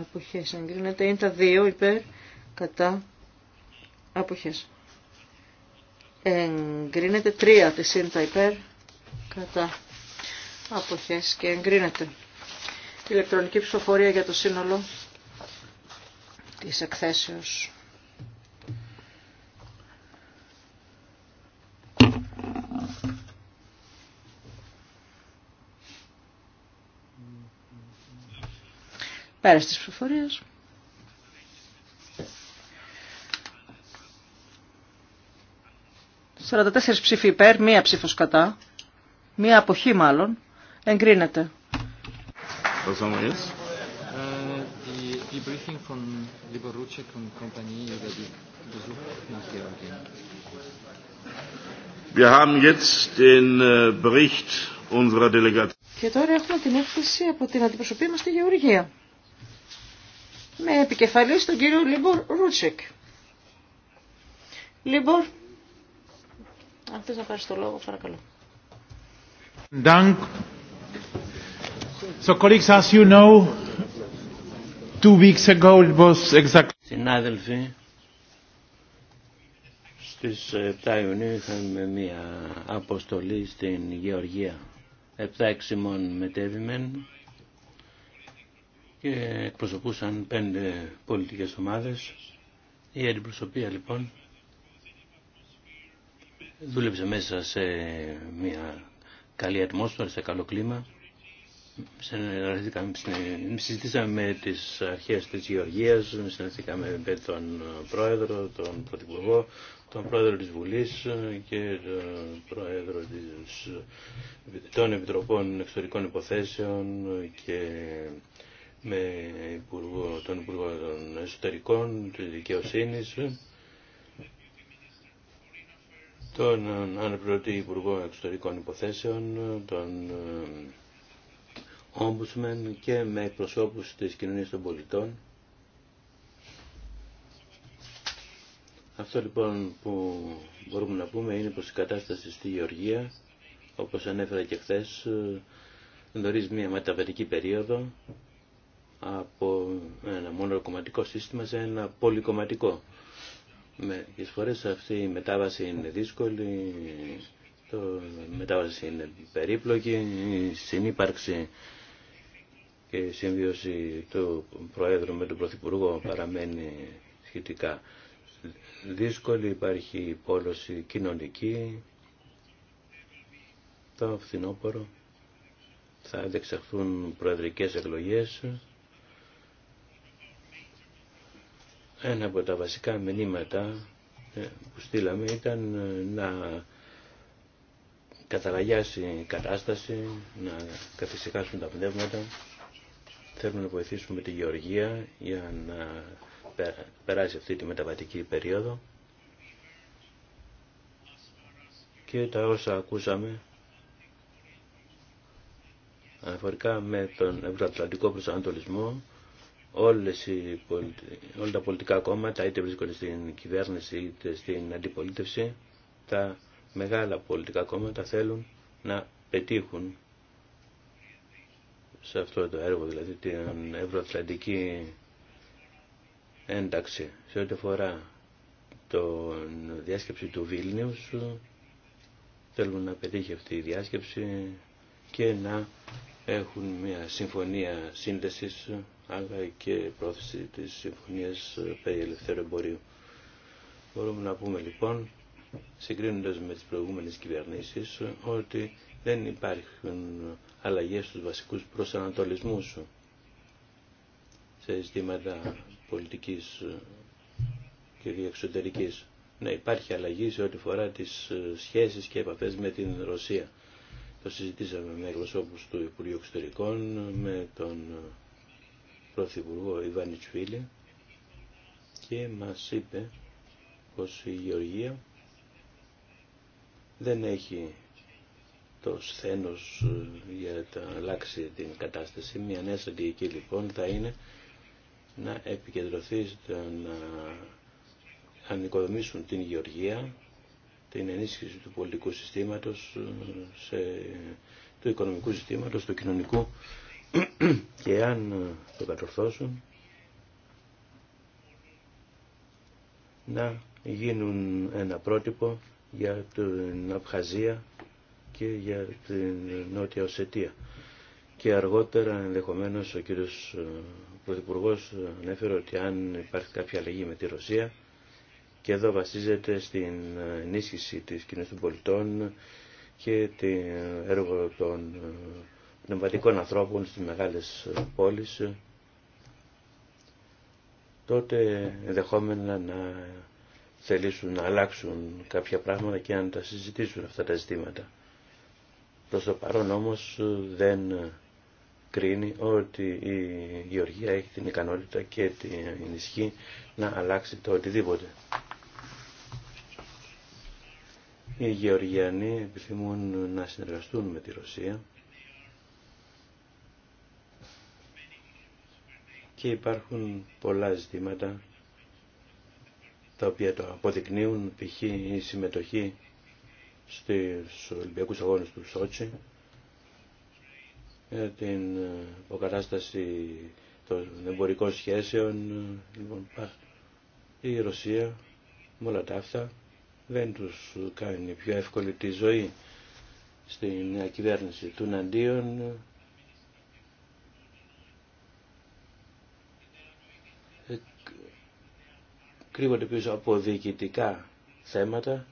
αποχές εγκρίνεται είναι τα 2 υπέρ, κατά αποχές. Εγκρίνεται τρία τη σύντα υπέρ κατά αποχές και εγκρίνεται. η Ηλεκτρονική ψηφοφορία για το σύνολο της εκθέσεως. Πέρα της ψηφοφορίας. 44 ψήφοι υπέρ, μία ψήφος κατά, μία αποχή μάλλον, εγκρίνεται. Äh, Και τώρα έχουμε την έκθεση από την αντιπροσωπή μας στη Γεωργία. Με επικεφαλής τον κύριο Λίμπορ Ρούτσεκ. Λίμπορ, αν θες να πάρεις το λόγο, παρακαλώ. So, colleagues, as you know, two weeks ago it was exactly... Συνάδελφοι, στις 7 Ιουνίου είχαμε μία αποστολή στην Γεωργία. Επτά μόν μετέβημεν και εκπροσωπούσαν πέντε πολιτικές ομάδες. Η αντιπροσωπεία λοιπόν δούλεψε μέσα σε μια καλή ατμόσφαιρα, σε καλό κλίμα. Συζητήσαμε με τις αρχές της Γεωργίας, συναντηθήκαμε με τον Πρόεδρο, τον Πρωθυπουργό, τον Πρόεδρο της Βουλής και τον Πρόεδρο των Επιτροπών Εξωτερικών Υποθέσεων και με τον Υπουργό των Εσωτερικών, τη Δικαιοσύνης τον αναπληρωτή Υπουργό Εξωτερικών Υποθέσεων, τον ε, Ombudsman και με εκπροσώπους της κοινωνίας των πολιτών. Αυτό λοιπόν που μπορούμε να πούμε είναι πως η κατάσταση στη Γεωργία, όπως ανέφερα και χθε, ε, γνωρίζει μια μεταβατική περίοδο από ένα μονοκομματικό σύστημα σε ένα πολυκομματικό με τις φορές αυτή η μετάβαση είναι δύσκολη, η μετάβαση είναι περίπλοκη, η συνύπαρξη και η συμβίωση του Προέδρου με τον Πρωθυπουργό παραμένει σχετικά δύσκολη, υπάρχει πόλωση κοινωνική, το φθινόπωρο θα διεξαχθούν προεδρικές εκλογές Ένα από τα βασικά μηνύματα ε, που στείλαμε ήταν ε, να καταλαγιάσει η κατάσταση, να καθυσυχάσουν τα πνεύματα. Θέλουμε να βοηθήσουμε τη Γεωργία για να περάσει αυτή τη μεταβατική περίοδο. Και τα όσα ακούσαμε αναφορικά με τον ευρωατλαντικό προσανατολισμό όλες οι όλα τα πολιτικά κόμματα, είτε βρίσκονται στην κυβέρνηση είτε στην αντιπολίτευση, τα μεγάλα πολιτικά κόμματα θέλουν να πετύχουν σε αυτό το έργο, δηλαδή την ευρωατλαντική ένταξη. Σε ό,τι αφορά τον διάσκεψη του Βίλνιους, θέλουν να πετύχει αυτή η διάσκεψη και να έχουν μια συμφωνία σύνδεσης αλλά και πρόθεση της συμφωνίας περί ελευθέρου εμπορίου. Μπορούμε να πούμε λοιπόν, συγκρίνοντας με τις προηγούμενες κυβερνήσεις, ότι δεν υπάρχουν αλλαγές στους βασικούς προσανατολισμούς σε ζητήματα πολιτικής και διεξωτερικής. Ναι, υπάρχει αλλαγή σε ό,τι φορά τις σχέσεις και επαφές με την Ρωσία. Το συζητήσαμε με εκπροσώπου του Υπουργείου Εξωτερικών, με τον Πρωθυπουργό Ιβάνη Τσφίλη και μας είπε πως η Γεωργία δεν έχει το σθένος ε, για να αλλάξει την κατάσταση. Μια νέα στρατηγική λοιπόν θα είναι να επικεντρωθεί στο να ανοικοδομήσουν την Γεωργία την ενίσχυση του πολιτικού συστήματος, ε, σε, του οικονομικού συστήματος, του κοινωνικού (clears throat) και αν ε, το κατορθώσουν να γίνουν ένα πρότυπο για την Απχαζία και για την Νότια Οσετία. Και αργότερα ενδεχομένως ο κύριος ε, Πρωθυπουργός ανέφερε ότι αν υπάρχει κάποια αλλαγή με τη Ρωσία και εδώ βασίζεται στην ενίσχυση της κοινή των πολιτών και την έργο των ε, πνευματικών ανθρώπων στις μεγάλες πόλεις τότε ενδεχόμενα να θελήσουν να αλλάξουν κάποια πράγματα και να τα συζητήσουν αυτά τα ζητήματα. Προς το παρόν όμως δεν κρίνει ότι η Γεωργία έχει την ικανότητα και την ισχύ να αλλάξει το οτιδήποτε. Οι Γεωργιανοί επιθυμούν να συνεργαστούν με τη Ρωσία και υπάρχουν πολλά ζητήματα τα οποία το αποδεικνύουν π.χ. η συμμετοχή στους Ολυμπιακούς Αγώνες του Σότσι ε, την υποκατάσταση ε, των εμπορικών σχέσεων. Ε, λοιπόν, η Ρωσία με όλα τα αυτά δεν τους κάνει πιο εύκολη τη ζωή στην κυβέρνηση του Ναντίον. Κρύβονται πίσω από διοικητικά θέματα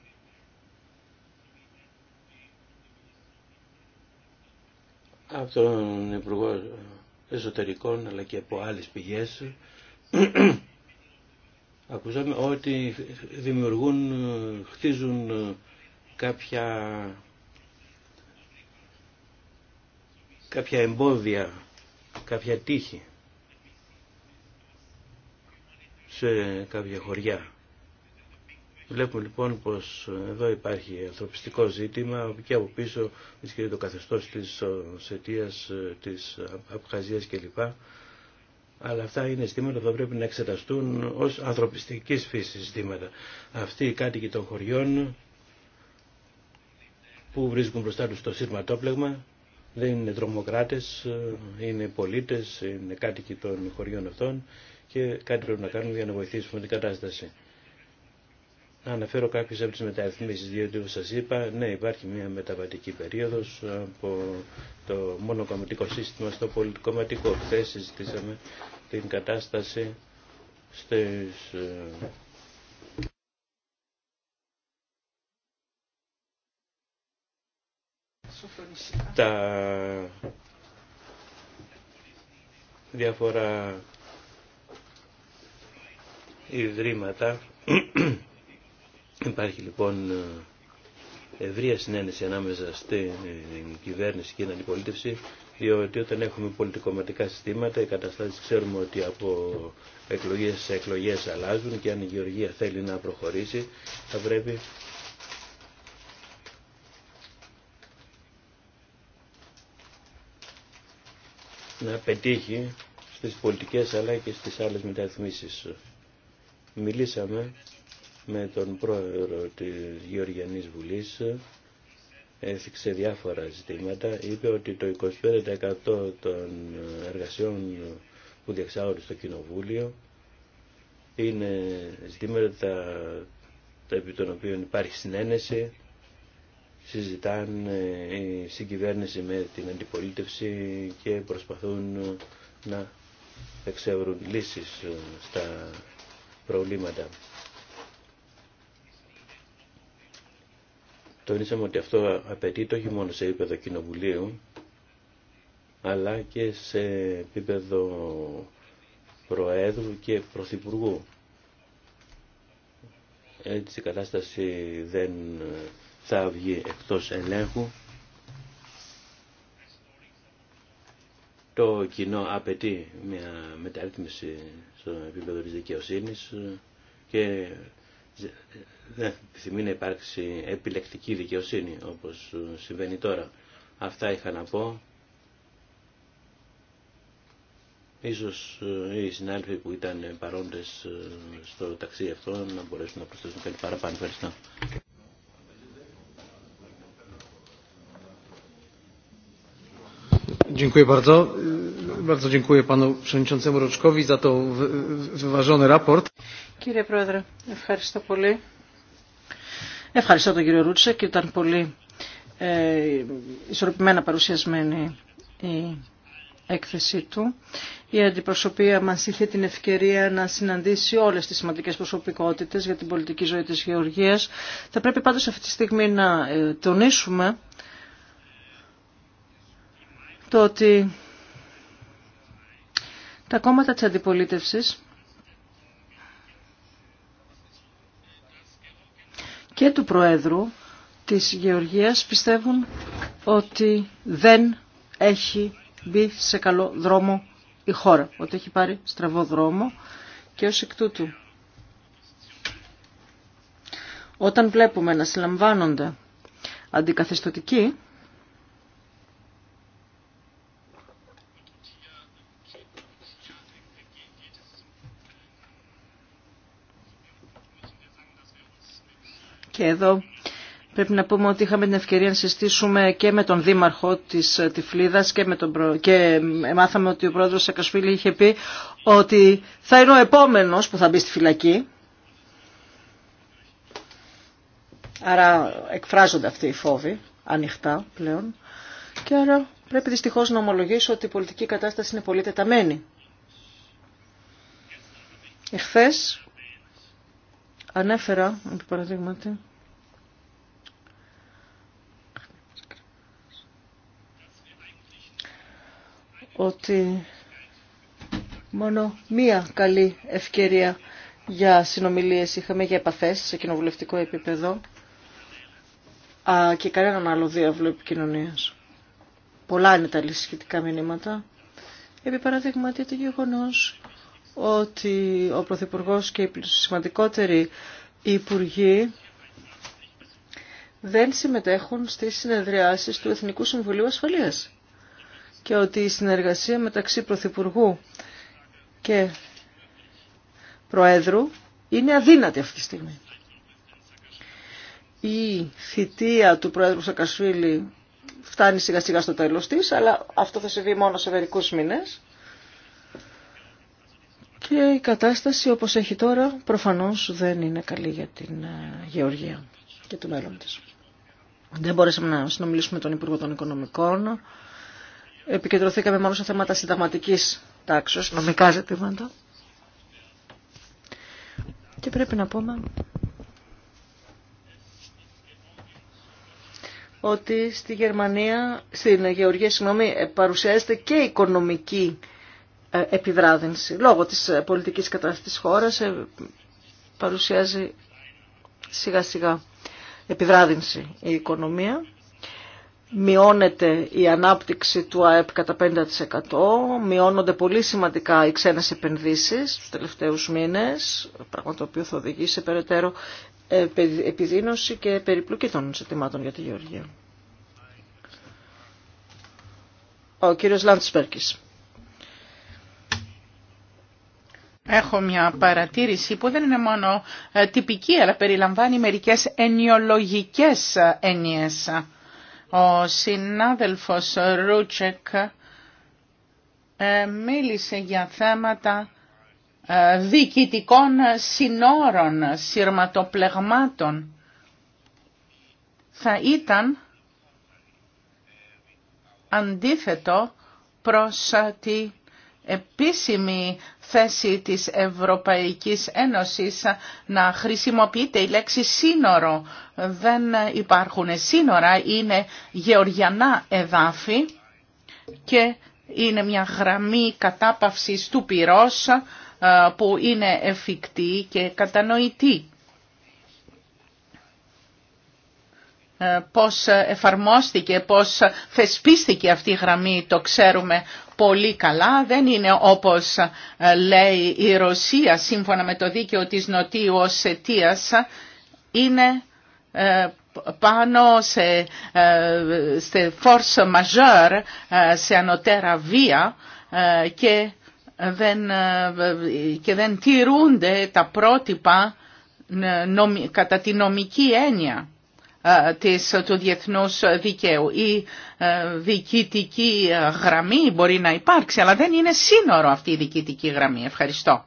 από τον Υπουργό Εσωτερικών αλλά και από άλλες πηγές (clears throat) ακούσαμε ότι δημιουργούν, χτίζουν κάποια κάποια εμπόδια, κάποια τύχη σε κάποια χωριά. Βλέπουμε λοιπόν πως εδώ υπάρχει ανθρωπιστικό ζήτημα και από πίσω βρίσκεται το καθεστώς της Σετίας, της Απχαζίας κλπ. Αλλά αυτά είναι ζητήματα που θα πρέπει να εξεταστούν ως ανθρωπιστικής φύσης ζητήματα. Αυτοί οι κάτοικοι των χωριών που βρίσκουν μπροστά τους το σύρματόπλεγμα δεν είναι τρομοκράτες, είναι πολίτες, είναι κάτοικοι των χωριών αυτών και κάτι πρέπει να κάνουμε για να βοηθήσουμε την κατάσταση να αναφέρω κάποιες από τις μεταρρυθμίσεις, διότι όπως σας είπα, ναι, υπάρχει μια μεταβατική περίοδος από το μονοκομματικό σύστημα στο πολιτικοματικό. Χθε συζητήσαμε την κατάσταση στις ε, τα διάφορα ιδρύματα Υπάρχει λοιπόν ευρεία συνένεση ανάμεσα στην κυβέρνηση και την αντιπολίτευση, διότι όταν έχουμε πολιτικοματικά συστήματα, οι καταστάσεις ξέρουμε ότι από εκλογές σε εκλογές αλλάζουν και αν η Γεωργία θέλει να προχωρήσει, θα πρέπει να πετύχει στις πολιτικές αλλά και στις άλλες μεταρρυθμίσεις. Μιλήσαμε με τον πρόεδρο της Γεωργιανής Βουλής έθιξε διάφορα ζητήματα. Είπε ότι το 25% των εργασιών που διεξάγονται στο Κοινοβούλιο είναι ζητήματα τα επί των οποίων υπάρχει συνένεση. Συζητάνε η συγκυβέρνηση με την αντιπολίτευση και προσπαθούν να εξεύρουν λύσεις στα προβλήματα. τονίσαμε ότι αυτό απαιτείται όχι μόνο σε επίπεδο κοινοβουλίου, αλλά και σε επίπεδο προέδρου και πρωθυπουργού. Έτσι η κατάσταση δεν θα βγει εκτός ελέγχου. Το κοινό απαιτεί μια μεταρρύθμιση στο επίπεδο της δικαιοσύνης και δεν επιθυμεί να υπάρξει επιλεκτική δικαιοσύνη όπως ε, συμβαίνει τώρα. Αυτά είχα να πω. Ίσως ε, οι συνάδελφοι που ήταν παρόντες ε, στο ταξί αυτό να μπορέσουν να προσθέσουν κάτι παραπάνω. Ευχαριστώ. Dziękuję bardzo. Κύριε Πρόεδρε, ευχαριστώ πολύ. Ευχαριστώ τον κύριο Ρούτσε και Ήταν πολύ ε, ισορροπημένα παρουσιασμένη η έκθεσή του. Η αντιπροσωπεία μας είχε την ευκαιρία να συναντήσει όλες τις σημαντικές προσωπικότητες για την πολιτική ζωή της Γεωργίας. Θα πρέπει πάντως αυτή τη στιγμή να ε, τονίσουμε το ότι τα κόμματα της αντιπολίτευσης και του Προέδρου της Γεωργίας πιστεύουν ότι δεν έχει μπει σε καλό δρόμο η χώρα, ότι έχει πάρει στραβό δρόμο και ως εκ τούτου. Όταν βλέπουμε να συλλαμβάνονται αντικαθεστωτικοί, Και εδώ πρέπει να πούμε ότι είχαμε την ευκαιρία να συστήσουμε και με τον δήμαρχο της Τυφλίδας και, με τον και μάθαμε ότι ο πρόεδρος Σακασφίλη είχε πει ότι θα είναι ο επόμενος που θα μπει στη φυλακή. Άρα εκφράζονται αυτοί οι φόβοι ανοιχτά πλέον. Και άρα πρέπει δυστυχώς να ομολογήσω ότι η πολιτική κατάσταση είναι πολύ τεταμένη. Εχθές ανέφερα, επί παραδείγματι, ότι μόνο μία καλή ευκαιρία για συνομιλίες είχαμε, για επαφές σε κοινοβουλευτικό επίπεδο και κανέναν άλλο διάβλο επικοινωνία. Πολλά είναι τα σχετικά μηνύματα. Επί παραδείγματι το γεγονό ότι ο Πρωθυπουργό και οι σημαντικότεροι υπουργοί δεν συμμετέχουν στις συνεδριάσεις του Εθνικού Συμβουλίου Ασφαλείας και ότι η συνεργασία μεταξύ Πρωθυπουργού και Προέδρου είναι αδύνατη αυτή τη στιγμή. Η θητεία του Προέδρου σακασφιλη φτάνει σιγά σιγά στο τέλος της, αλλά αυτό θα συμβεί μόνο σε μερικούς μήνες. Και η κατάσταση όπως έχει τώρα προφανώς δεν είναι καλή για την ε, Γεωργία και το μέλλον της. Δεν μπορέσαμε να συνομιλήσουμε τον Υπουργό των Οικονομικών επικεντρωθήκαμε μόνο σε θέματα συνταγματικής τάξης, νομικά ζητήματα. Και πρέπει να πούμε ότι στη Γερμανία, στην Γεωργία, συγγνώμη, ε, παρουσιάζεται και οικονομική ε, επιβράδυνση. Λόγω της ε, πολιτικής κατάστασης της χώρας παρουσιάζει σιγά σιγά επιβράδυνση η οικονομία μειώνεται η ανάπτυξη του ΑΕΠ κατά 50%, μειώνονται πολύ σημαντικά οι ξένες επενδύσεις τους τελευταίους μήνες, πράγμα το οποίο θα οδηγήσει σε περαιτέρω επιδείνωση και περιπλοκή των ζητημάτων για τη Γεωργία. Ο κύριος Λάντσπερκης. Έχω μια παρατήρηση που δεν είναι μόνο ε, τυπική, αλλά περιλαμβάνει μερικές ενιολογικές ε, έννοιες ο συνάδελφος Ρούτσεκ ε, μίλησε για θέματα ε, διοικητικών συνόρων, σειρματοπλεγμάτων. Θα ήταν αντίθετο προς τη επίσημη θέση της Ευρωπαϊκής Ένωσης να χρησιμοποιείται η λέξη σύνορο. Δεν υπάρχουν σύνορα, είναι γεωργιανά εδάφη και είναι μια γραμμή κατάπαυσης του πυρός ε, που είναι εφικτή και κατανοητή. Ε, πώς εφαρμόστηκε, πώς θεσπίστηκε αυτή η γραμμή, το ξέρουμε πολύ καλά. Δεν είναι όπως ε, λέει η Ρωσία σύμφωνα με το δίκαιο της Νοτιού Οσετίας. Είναι ε, πάνω σε, ε, σε force majeure, σε ανωτέρα βία και δεν, και δεν τηρούνται τα πρότυπα κατά τη νομική έννοια. Ε, της, του διεθνούς δικαίου. Η ε, διοικητική ε, γραμμή μπορεί να υπάρξει, αλλά δεν είναι σύνορο αυτή η διοικητική γραμμή. Ευχαριστώ.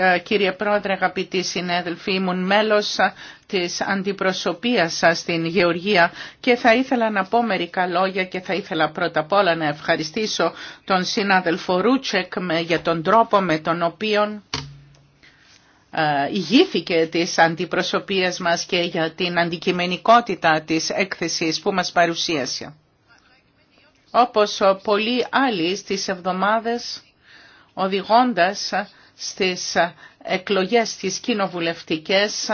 Ε, κύριε Πρόεδρε, αγαπητοί συνέδελφοι, ήμουν μέλος της αντιπροσωπείας σας στην Γεωργία και θα ήθελα να πω μερικά λόγια και θα ήθελα πρώτα απ' όλα να ευχαριστήσω τον συνάδελφο Ρούτσεκ για τον τρόπο με τον οποίο ε, ηγήθηκε της αντιπροσωπείας μας και για την αντικειμενικότητα της έκθεσης που μας παρουσίασε. Όπως πολλοί άλλοι στις εβδομάδες οδηγώντας στις εκλογές της κοινοβουλευτικές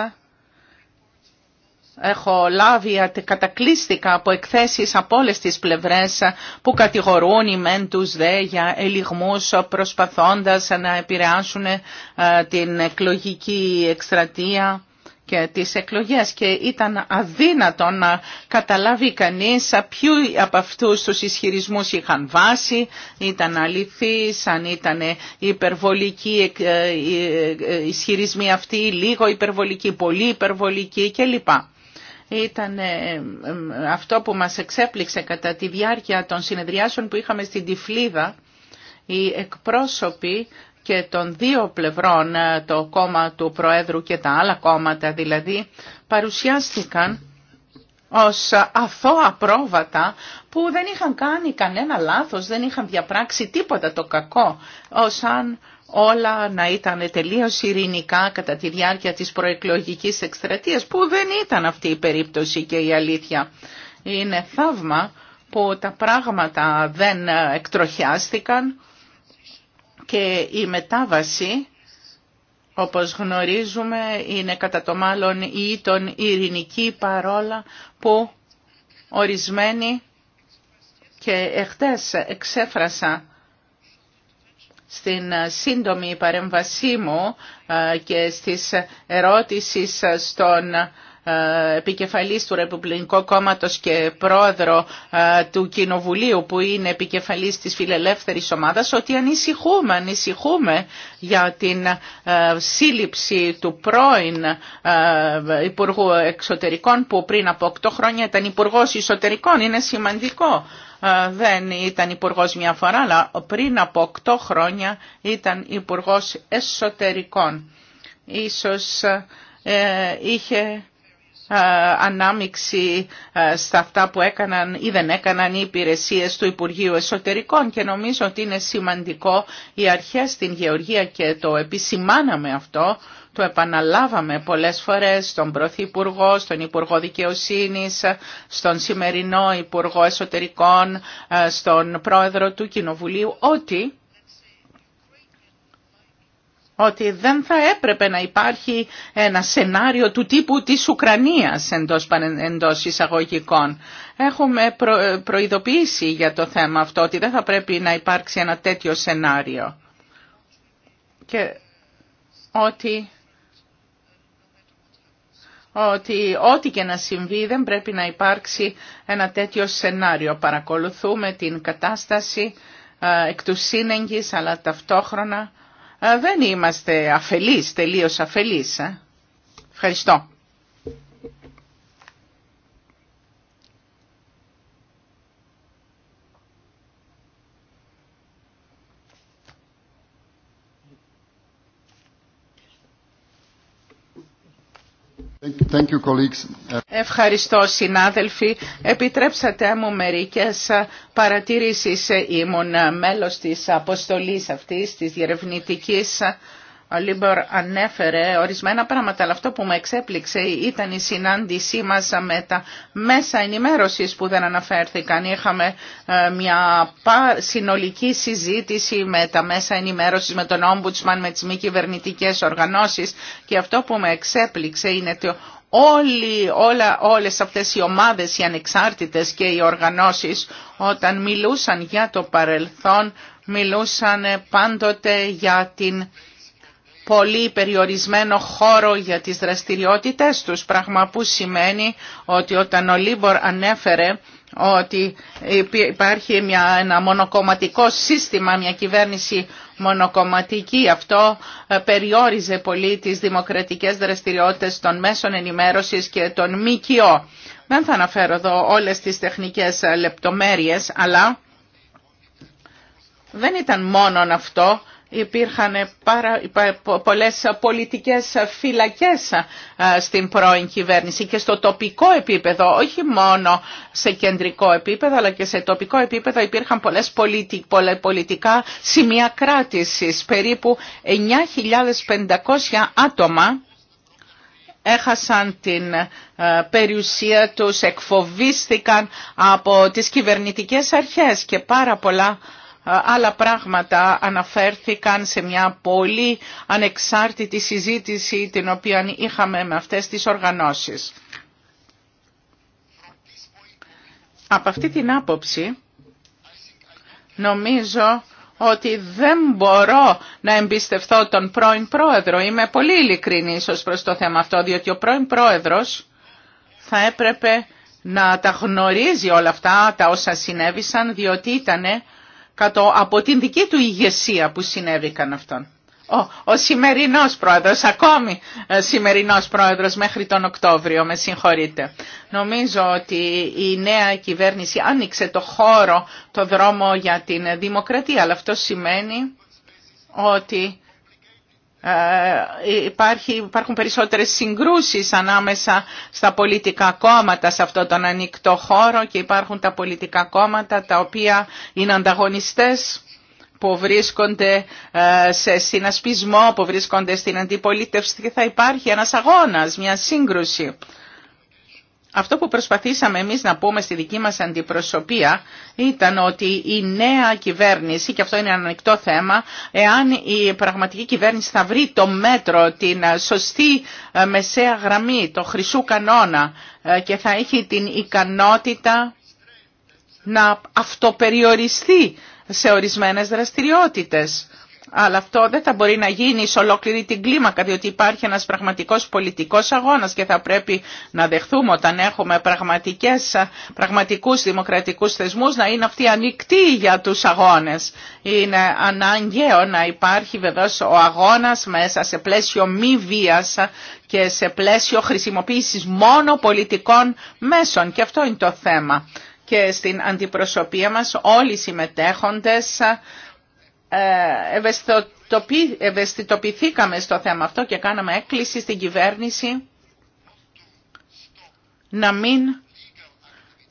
Έχω λάβει, κατακλείστηκα από εκθέσεις από όλες τις πλευρές που κατηγορούν οι μεν τους δε για ελιγμούς προσπαθώντας να επηρεάσουν ε, την εκλογική εκστρατεία και τις εκλογές και ήταν αδύνατο να καταλάβει κανείς ποιοι από αυτούς τους ισχυρισμούς είχαν βάση, ήταν αληθείς, αν ήταν υπερβολικοί ε, ε, ε, ισχυρισμοί αυτοί, λίγο υπερβολικοί, πολύ υπερβολικοί κλπ. Ήταν αυτό που μας εξέπληξε κατά τη διάρκεια των συνεδριάσεων που είχαμε στην Τυφλίδα, οι εκπρόσωποι και των δύο πλευρών, ε, το κόμμα του Προέδρου και τα άλλα κόμματα δηλαδή, παρουσιάστηκαν ως αθώα πρόβατα που δεν είχαν κάνει κανένα λάθος, δεν είχαν διαπράξει τίποτα το κακό, ως αν όλα να ήταν τελείως ειρηνικά κατά τη διάρκεια της προεκλογικής εκστρατείας, που δεν ήταν αυτή η περίπτωση και η αλήθεια. Είναι θαύμα που τα πράγματα δεν ε, εκτροχιάστηκαν, και η μετάβαση όπως γνωρίζουμε είναι κατά το μάλλον ή τον ειρηνική παρόλα που ορισμένη και εχθές εξέφρασα στην σύντομη παρέμβασή μου ε, και στις ερώτησεις στον επικεφαλής του Ρεπουμπλικού Κόμματος και πρόεδρο ε, του Κοινοβουλίου που είναι επικεφαλής της φιλελεύθερης ομάδας ότι ανησυχούμε, ανησυχούμε για την ε, σύλληψη του πρώην ε, Υπουργού Εξωτερικών που πριν από 8 χρόνια ήταν υπουργό Εσωτερικών. Είναι σημαντικό. Δεν ήταν υπουργός μια φορά, αλλά πριν από 8 χρόνια ήταν υπουργός Εσωτερικών. Ίσως είχε ε, ανάμειξη ε, στα αυτά που έκαναν ή δεν έκαναν οι υπηρεσίες του Υπουργείου Εσωτερικών και νομίζω ότι είναι σημαντικό οι αρχές στην Γεωργία και το επισημάναμε αυτό, το επαναλάβαμε πολλές φορές στον Πρωθυπουργό, στον Υπουργό Δικαιοσύνης, στον σημερινό Υπουργό Εσωτερικών, ε, στον Πρόεδρο του Κοινοβουλίου, ότι ότι δεν θα έπρεπε να υπάρχει ένα σενάριο του τύπου της Ουκρανίας εντός, εντός εισαγωγικών. Έχουμε προειδοποιήσει για το θέμα αυτό ότι δεν θα πρέπει να υπάρξει ένα τέτοιο σενάριο και ότι ότι ό,τι και να συμβεί δεν πρέπει να υπάρξει ένα τέτοιο σενάριο. Παρακολουθούμε την κατάσταση εκ του σύνεγγης αλλά ταυτόχρονα δεν είμαστε αφελείς, τελείως αφελείς. Ε. Ευχαριστώ. Ευχαριστώ συνάδελφοι. Επιτρέψατε μου μερικές ε, παρατηρήσεις. Ε, ήμουν ε, μέλος της αποστολής αυτής, της διερευνητικής ο Λίμπορ ανέφερε ορισμένα πράγματα, αλλά αυτό που με εξέπληξε ήταν η συνάντησή μας με τα μέσα ενημέρωσης που δεν αναφέρθηκαν. Είχαμε ε, μια συνολική συζήτηση με τα μέσα ενημέρωσης, με τον Ombudsman, με τις μη κυβερνητικέ οργανώσεις και αυτό που με εξέπληξε είναι ότι όλοι, όλα, όλες αυτές οι ομάδες, οι ανεξάρτητες και οι οργανώσεις όταν μιλούσαν για το παρελθόν μιλούσαν πάντοτε για την πολύ περιορισμένο χώρο για τις δραστηριότητες τους, πράγμα που σημαίνει ότι όταν ο Λίμπορ ανέφερε ότι υπάρχει μια, ένα μονοκομματικό σύστημα, μια κυβέρνηση μονοκομματική. Αυτό ε, περιόριζε πολύ τις δημοκρατικές δραστηριότητες των μέσων ενημέρωσης και των ΜΚΟ. Δεν θα αναφέρω εδώ όλες τις τεχνικές ε, λεπτομέρειες, αλλά δεν ήταν μόνον αυτό υπήρχαν πάρα, πολλές πολιτικές φυλακές στην πρώην κυβέρνηση και στο τοπικό επίπεδο, όχι μόνο σε κεντρικό επίπεδο, αλλά και σε τοπικό επίπεδο υπήρχαν πολλές πολιτικά σημεία κράτησης. Περίπου 9.500 άτομα έχασαν την περιουσία τους, εκφοβίστηκαν από τις κυβερνητικές αρχές και πάρα πολλά άλλα πράγματα αναφέρθηκαν σε μια πολύ ανεξάρτητη συζήτηση την οποία είχαμε με αυτές τις οργανώσεις. Από αυτή την άποψη νομίζω ότι δεν μπορώ να εμπιστευτώ τον πρώην πρόεδρο. Είμαι πολύ ειλικρινής ως προς το θέμα αυτό, διότι ο πρώην πρόεδρος θα έπρεπε να τα γνωρίζει όλα αυτά, τα όσα συνέβησαν, διότι ήτανε κάτω από την δική του ηγεσία που συνέβηκαν αυτόν. Ο, ο σημερινός πρόεδρος, ακόμη ε, σημερινός πρόεδρος μέχρι τον Οκτώβριο, με συγχωρείτε. Νομίζω ότι η νέα κυβέρνηση άνοιξε το χώρο, το δρόμο για την δημοκρατία, αλλά αυτό σημαίνει ότι ε, υπάρχει, υπάρχουν περισσότερες συγκρούσεις ανάμεσα στα πολιτικά κόμματα σε αυτόν τον ανοιχτό χώρο και υπάρχουν τα πολιτικά κόμματα τα οποία είναι ανταγωνιστές που βρίσκονται ε, σε συνασπισμό, που βρίσκονται στην αντιπολίτευση και θα υπάρχει ένας αγώνας, μια σύγκρουση. Αυτό που προσπαθήσαμε εμείς να πούμε στη δική μας αντιπροσωπεία ήταν ότι η νέα κυβέρνηση, και αυτό είναι ένα ανοιχτό θέμα, εάν η πραγματική κυβέρνηση θα βρει το μέτρο, την σωστή ε, μεσαία γραμμή, το χρυσού κανόνα ε, και θα έχει την ικανότητα να αυτοπεριοριστεί σε ορισμένες δραστηριότητες αλλά αυτό δεν θα μπορεί να γίνει σε ολόκληρη την κλίμακα, διότι υπάρχει ένας πραγματικός πολιτικός αγώνας και θα πρέπει να δεχθούμε όταν έχουμε πραγματικές, πραγματικούς δημοκρατικούς θεσμούς να είναι αυτοί ανοιχτοί για τους αγώνες. Είναι αναγκαίο να υπάρχει βεβαίως ο αγώνας μέσα σε πλαίσιο μη βίας και σε πλαίσιο χρησιμοποίησης μόνο πολιτικών μέσων. Και αυτό είναι το θέμα. Και στην αντιπροσωπεία μας όλοι οι συμμετέχοντες ε, ευαισθητοποιηθήκαμε στο θέμα αυτό και κάναμε έκκληση στην κυβέρνηση να μην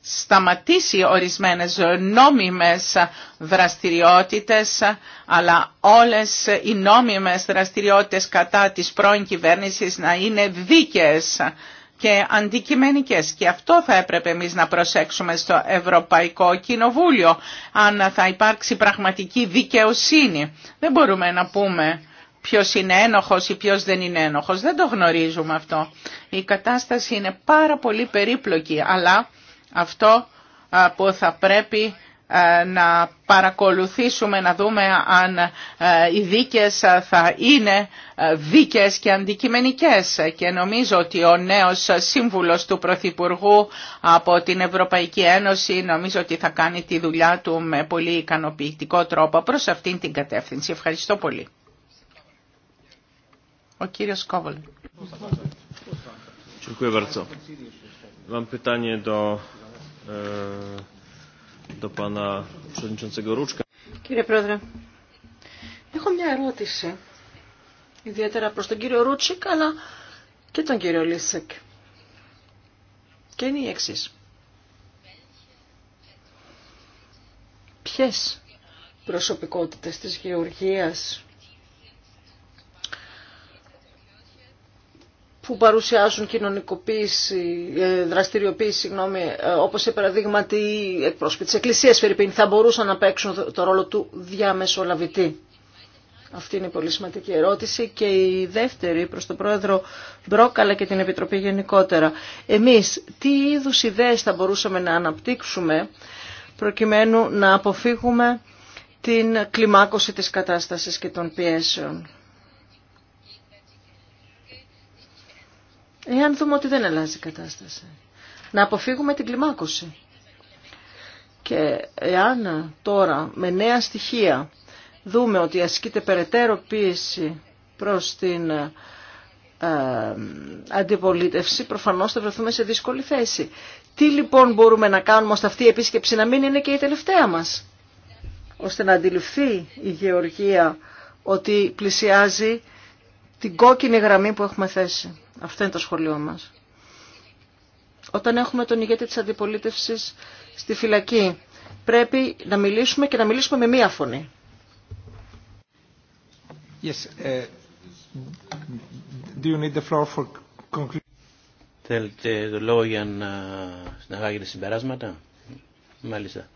σταματήσει ορισμένες νόμιμες δραστηριότητες, αλλά όλες οι νόμιμες δραστηριότητες κατά της πρώην κυβέρνησης να είναι δίκαιες και αντικειμενικές. Και αυτό θα έπρεπε εμείς να προσέξουμε στο Ευρωπαϊκό Κοινοβούλιο, αν θα υπάρξει πραγματική δικαιοσύνη. Δεν μπορούμε να πούμε ποιος είναι ένοχος ή ποιος δεν είναι ένοχος. Δεν το γνωρίζουμε αυτό. Η κατάσταση είναι πάρα πολύ περίπλοκη, αλλά αυτό που θα πρέπει ε, να παρακολουθήσουμε, να δούμε αν ε, οι δίκες θα είναι ε, δίκες και αντικειμενικές. Και νομίζω ότι ο νέος σύμβουλος του Πρωθυπουργού από την Ευρωπαϊκή Ένωση νομίζω ότι θα κάνει τη δουλειά του με πολύ ικανοποιητικό τρόπο προς αυτήν την κατεύθυνση. Ευχαριστώ πολύ. Ο κύριος Κόβολ. Mam pytanie e, Κύριε Πρόεδρε, έχω μια ερώτηση, ιδιαίτερα προς τον κύριο Ρούτσικ, αλλά και τον κύριο Λίσεκ. Και είναι η εξή. Ποιες προσωπικότητες της γεωργίας που παρουσιάζουν κοινωνικοποίηση, ε, δραστηριοποίηση, συγγνώμη, ε, όπως σε παραδείγματι οι εκπρόσωποι της Εκκλησίας θα μπορούσαν να παίξουν το ρόλο του διαμεσολαβητή. Αυτή είναι η πολύ σημαντική ερώτηση και η δεύτερη προς τον Πρόεδρο Μπρόκαλα και την Επιτροπή γενικότερα. Εμείς τι είδους ιδέες θα μπορούσαμε να αναπτύξουμε προκειμένου να αποφύγουμε την κλιμάκωση της κατάστασης και των πιέσεων. Εάν δούμε ότι δεν αλλάζει η κατάσταση. Να αποφύγουμε την κλιμάκωση. Και εάν τώρα με νέα στοιχεία δούμε ότι ασκείται περαιτέρω πίεση προς την ε, αντιπολίτευση, προφανώς θα βρεθούμε σε δύσκολη θέση. Τι λοιπόν μπορούμε να κάνουμε ώστε αυτή η επίσκεψη να μην είναι και η τελευταία μας, ώστε να αντιληφθεί η Γεωργία ότι πλησιάζει την κόκκινη γραμμή που έχουμε θέσει. Αυτό είναι το σχολείο μας. Όταν έχουμε τον ηγέτη της αντιπολίτευσης στη φυλακή, πρέπει να μιλήσουμε και να μιλήσουμε με μία φωνή. Yes, ε, do you need the floor for Θέλετε το λόγο για να συναγάγετε συμπεράσματα. Μάλιστα.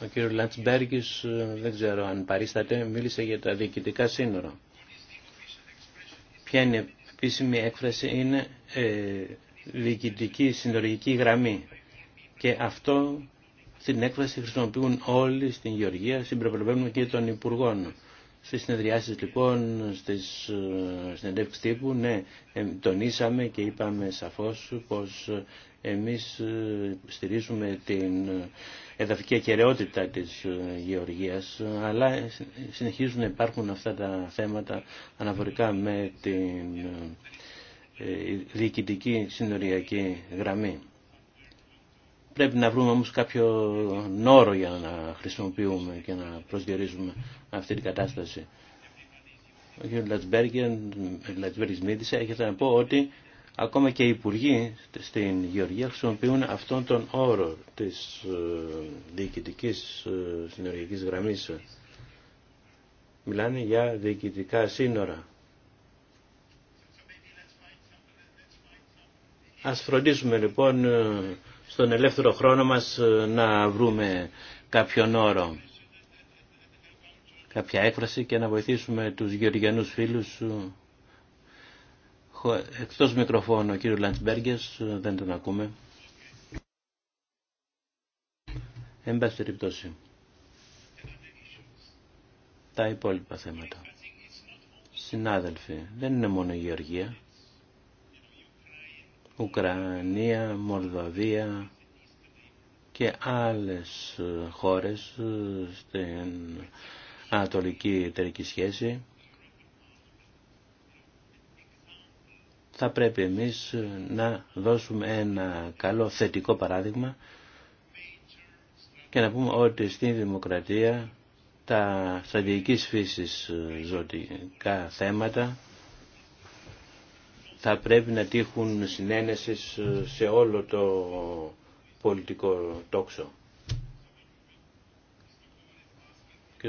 Ο κύριος Λαντσμπέργκης, ε, δεν ξέρω αν παρίσταται, μίλησε για τα διοικητικά σύνορα. Ποια είναι επίσημη έκφραση είναι ε, διοικητική συνολογική γραμμή. Και αυτό στην έκφραση χρησιμοποιούν όλοι στην Γεωργία, συμπεριλαμβανομένων και των Υπουργών. Στις συνεδριάσεις λοιπόν, στις ε, συνεντεύξεις τύπου, ναι, ε, τονίσαμε και είπαμε σαφώς πως εμείς στηρίζουμε την εδαφική ακαιρεότητα της γεωργίας, αλλά συνεχίζουν να υπάρχουν αυτά τα θέματα αναφορικά με την ε, διοικητική συνοριακή γραμμή. Πρέπει να βρούμε όμως κάποιο νόρο για να χρησιμοποιούμε και να προσδιορίζουμε αυτή την κατάσταση. Ο κ. Λατσμπέργκης μίλησε, έχετε να πω ότι Ακόμα και οι υπουργοί στην Γεωργία χρησιμοποιούν αυτόν τον όρο της ε, διοικητικής ε, συνεργικής γραμμής. Μιλάνε για διοικητικά σύνορα. Ας φροντίσουμε λοιπόν ε, στον ελεύθερο χρόνο μας να βρούμε κάποιον όρο, κάποια έκφραση και να βοηθήσουμε τους γεωργιανούς φίλους εκτός μικροφώνου ο κύριος Λαντσμπέργκες, δεν τον ακούμε. Εν πάση περιπτώσει. Τα υπόλοιπα θέματα. Συνάδελφοι, δεν είναι μόνο η Γεωργία. Ουκρανία, Μολδαβία και άλλες χώρες στην Ανατολική εταιρική σχέση θα πρέπει εμείς ε, να δώσουμε ένα καλό θετικό παράδειγμα και να πούμε ότι στην δημοκρατία τα στρατηγικής φύσης ε, ζωτικά θέματα θα πρέπει να τύχουν συνένεση ε, σε όλο το πολιτικό τόξο. Ο κ.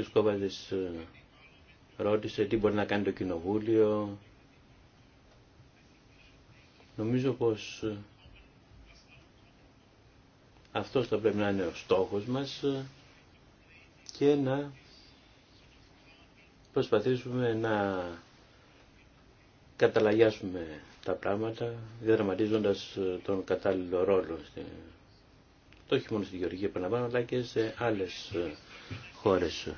ρώτησε τι μπορεί να κάνει το Κοινοβούλιο Νομίζω πως ε, αυτός θα πρέπει να είναι ο στόχος μας ε, και να προσπαθήσουμε να καταλαγιάσουμε τα πράγματα διαδραματίζοντας ε, τον κατάλληλο ρόλο το όχι μόνο στη Γεωργία επαναλαμβάνω αλλά και σε άλλες χώρες.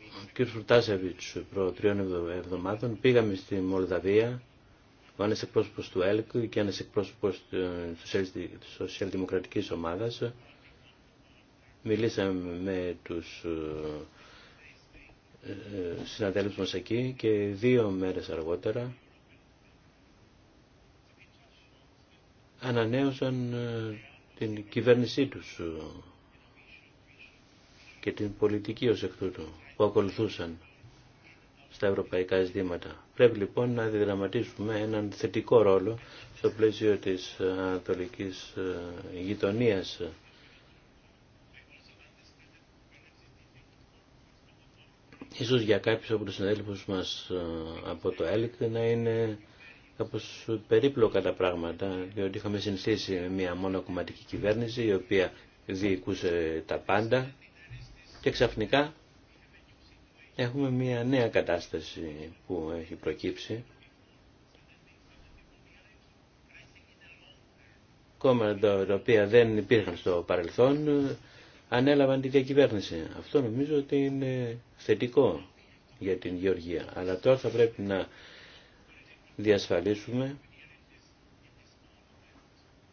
Ο κ. Φουρτάσεβιτς προ τριών εβδομάδων πήγαμε στη Μολδαβία ο ένας εκπρόσωπος του ΕΛΚ και ένας εκπρόσωπος της Σοσιαλδημοκρατικής Ομάδας μιλήσαμε με τους ε, ε, συναδέλφους μας εκεί και δύο μέρες αργότερα ανανέωσαν ε, την κυβέρνησή τους και την πολιτική ως εκ τούτου που ακολουθούσαν στα ευρωπαϊκά ζητήματα. Πρέπει λοιπόν να διδραματίσουμε έναν θετικό ρόλο στο πλαίσιο της ε, ανατολική ε, γειτονία. Ίσως για κάποιους από τους συνέλφους μας ε, από το ΕΛΚ να είναι κάπως περίπλοκα τα πράγματα, διότι είχαμε συνηθίσει μια μόνο κομματική κυβέρνηση η οποία διοικούσε τα πάντα και ξαφνικά έχουμε μια νέα κατάσταση που έχει προκύψει. Κόμματα τα οποία δεν υπήρχαν στο παρελθόν ανέλαβαν τη διακυβέρνηση. Αυτό νομίζω ότι είναι θετικό για την Γεωργία. Αλλά τώρα θα πρέπει να διασφαλίσουμε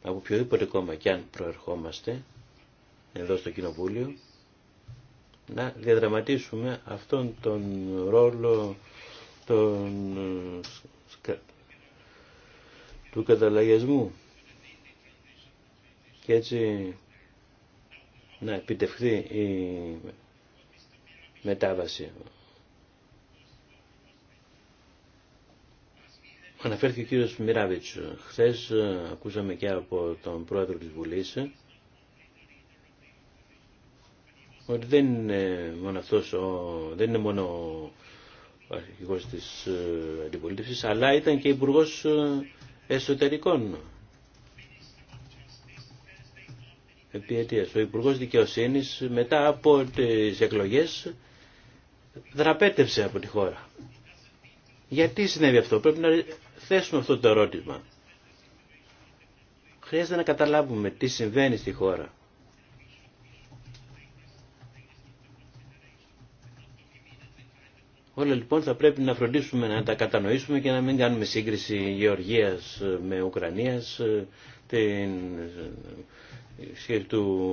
από οποιοδήποτε κόμμα και αν προερχόμαστε εδώ στο Κοινοβούλιο να διαδραματίσουμε αυτόν τον ρόλο τον... Ε, του καταλαγιασμού και έτσι να επιτευχθεί η μετάβαση. Αναφέρθηκε ο κύριος Μιράβιτς. Χθες ε, ακούσαμε και από τον πρόεδρο της Βουλής ότι δεν είναι μόνο ο, δεν είναι μόνο ο αρχηγός της ε, αντιπολίτευσης, αλλά ήταν και υπουργό ε, εσωτερικών επί Ο Υπουργός Δικαιοσύνης μετά από τις εκλογές δραπέτευσε από τη χώρα. Γιατί συνέβη αυτό, πρέπει να θέσουμε αυτό το ερώτημα. Χρειάζεται να καταλάβουμε τι συμβαίνει στη χώρα. Όλα λοιπόν θα πρέπει να φροντίσουμε να τα κατανοήσουμε και να μην κάνουμε σύγκριση Γεωργίας με Ουκρανίας, ε, την ε, σχέση του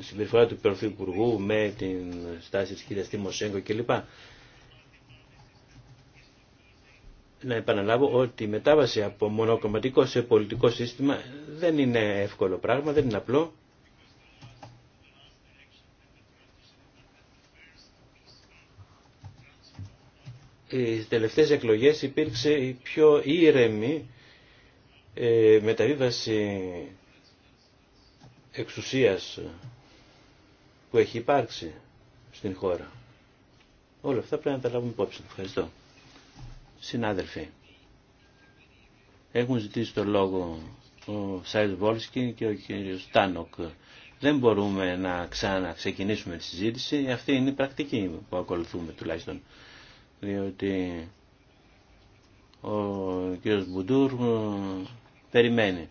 συμπεριφορά του Πρωθυπουργού με την στάση της κυρίας Τιμοσέγκο κλπ. Να επαναλάβω ότι η μετάβαση από μονοκομματικό σε πολιτικό σύστημα δεν είναι εύκολο πράγμα, δεν είναι απλό στις τελευταίες εκλογές υπήρξε η πιο ήρεμη ε, μεταβίβαση εξουσίας που έχει υπάρξει στην χώρα. Όλα αυτά πρέπει να τα λάβουμε υπόψη. Ευχαριστώ. Συνάδελφοι, έχουν ζητήσει το λόγο ο Σάιτ Βόλσκι και ο κύριος Τάνοκ. Δεν μπορούμε να ξαναξεκινήσουμε τη συζήτηση. Αυτή είναι η πρακτική που ακολουθούμε τουλάχιστον διότι ο κύριος Μπουντούρ ε, περιμένει.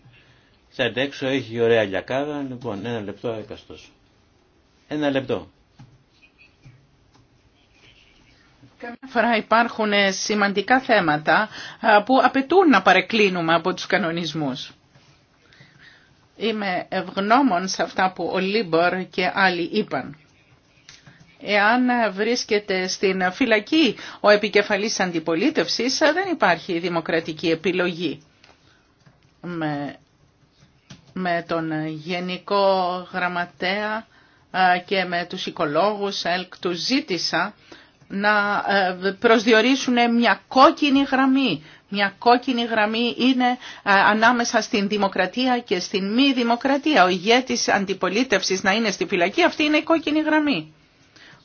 Ξέρετε έξω έχει ωραία λιακάδα, λοιπόν ένα λεπτό έκαστος. Ένα λεπτό. Καμιά φορά υπάρχουν ε, σημαντικά θέματα ε, που απαιτούν να παρεκκλίνουμε από τους κανονισμούς. Είμαι ευγνώμων σε αυτά που ο Λίμπορ και άλλοι είπαν. Εάν βρίσκεται στην φυλακή ο επικεφαλής αντιπολίτευσης, δεν υπάρχει δημοκρατική επιλογή. Με, με τον Γενικό Γραμματέα και με τους οικολόγους ΕΛΚ του ζήτησα να προσδιορίσουν μια κόκκινη γραμμή. Μια κόκκινη γραμμή είναι ανάμεσα στην δημοκρατία και στην μη δημοκρατία. Ο ηγέτης αντιπολίτευσης να είναι στη φυλακή, αυτή είναι η κόκκινη γραμμή.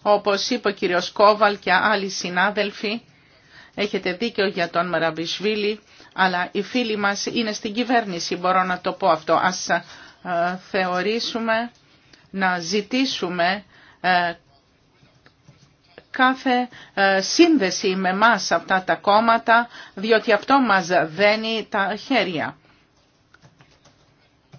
Όπως είπε ο κύριος Κόβαλ και άλλοι συνάδελφοι, έχετε δίκιο για τον Μαραμπισβίλη, αλλά οι φίλοι μας είναι στην κυβέρνηση, μπορώ να το πω αυτό. Ας ε, θεωρήσουμε να ζητήσουμε ε, κάθε ε, σύνδεση με μας αυτά τα κόμματα, διότι αυτό μας δένει τα χέρια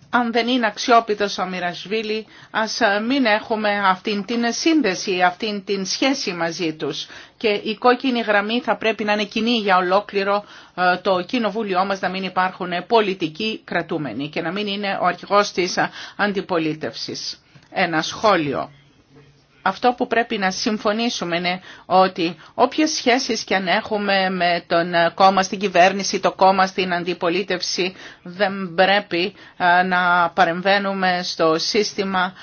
αν δεν είναι αξιόπιτος ο Μυρασβίλη, ας ε, μην έχουμε αυτήν την σύνδεση, αυτήν την σχέση μαζί τους. Και η κόκκινη γραμμή θα πρέπει να είναι κοινή για ολόκληρο ε, το κοινοβούλιο μας, να μην υπάρχουν πολιτικοί κρατούμενοι και να μην είναι ο αρχηγός της ε, αντιπολίτευσης. Ένα σχόλιο αυτό που πρέπει να συμφωνήσουμε είναι ότι όποιες σχέσεις και αν έχουμε με τον κόμμα στην κυβέρνηση, το κόμμα στην αντιπολίτευση, δεν πρέπει να παρεμβαίνουμε στο σύστημα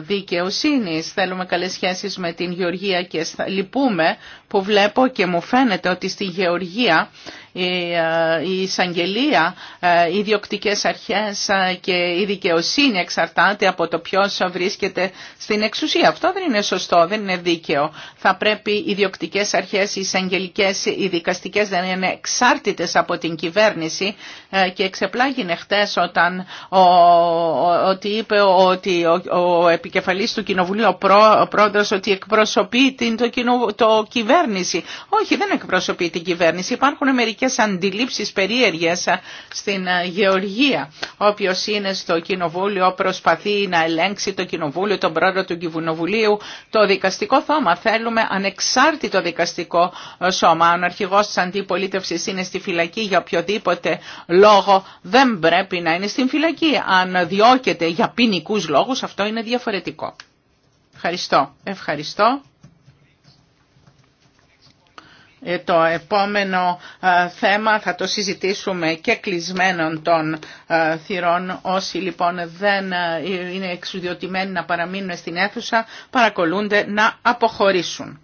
δικαιοσύνης. Θέλουμε καλές σχέσεις με την Γεωργία και λυπούμε που βλέπω και μου φαίνεται ότι στη Γεωργία ε, η εισαγγελία, ε, οι ιδιοκτικές αρχές ε, και η δικαιοσύνη εξαρτάται από το ποιος βρίσκεται στην εξουσία. Αυτό δεν είναι σωστό, δεν είναι δίκαιο. Θα πρέπει οι ιδιοκτικές αρχές, οι εισαγγελικές, οι δικαστικές δεν είναι εξάρτητες από την κυβέρνηση και ξεπλάγινε χτες όταν ο, ότι είπε ότι ο, ο επικεφαλής του κοινοβουλίου, ο, πρόεδρος, ότι εκπροσωπεί την το, το κυβέρνηση. Όχι, δεν εκπροσωπεί την κυβέρνηση. Υπάρχουν μερικοί σαν αντιλήψεις περίεργες στην ε, Γεωργία. Όποιος είναι στο κοινοβούλιο προσπαθεί να ελέγξει το κοινοβούλιο, τον πρόεδρο του κοινοβουλίου, το δικαστικό θόμα. Θέλουμε ανεξάρτητο δικαστικό ε, σώμα. Αν ο αρχηγός της αντιπολίτευσης είναι στη φυλακή για οποιοδήποτε λόγο, δεν πρέπει να είναι στην φυλακή. Αν διώκεται για ποινικού λόγους, αυτό είναι διαφορετικό. Ευχαριστώ. Ευχαριστώ. Ε, το επόμενο ε, θέμα θα το συζητήσουμε και κλεισμένων των ε, θυρών. Όσοι λοιπόν δεν είναι εξουδιωτημένοι να παραμείνουν στην αίθουσα παρακολούνται να αποχωρήσουν.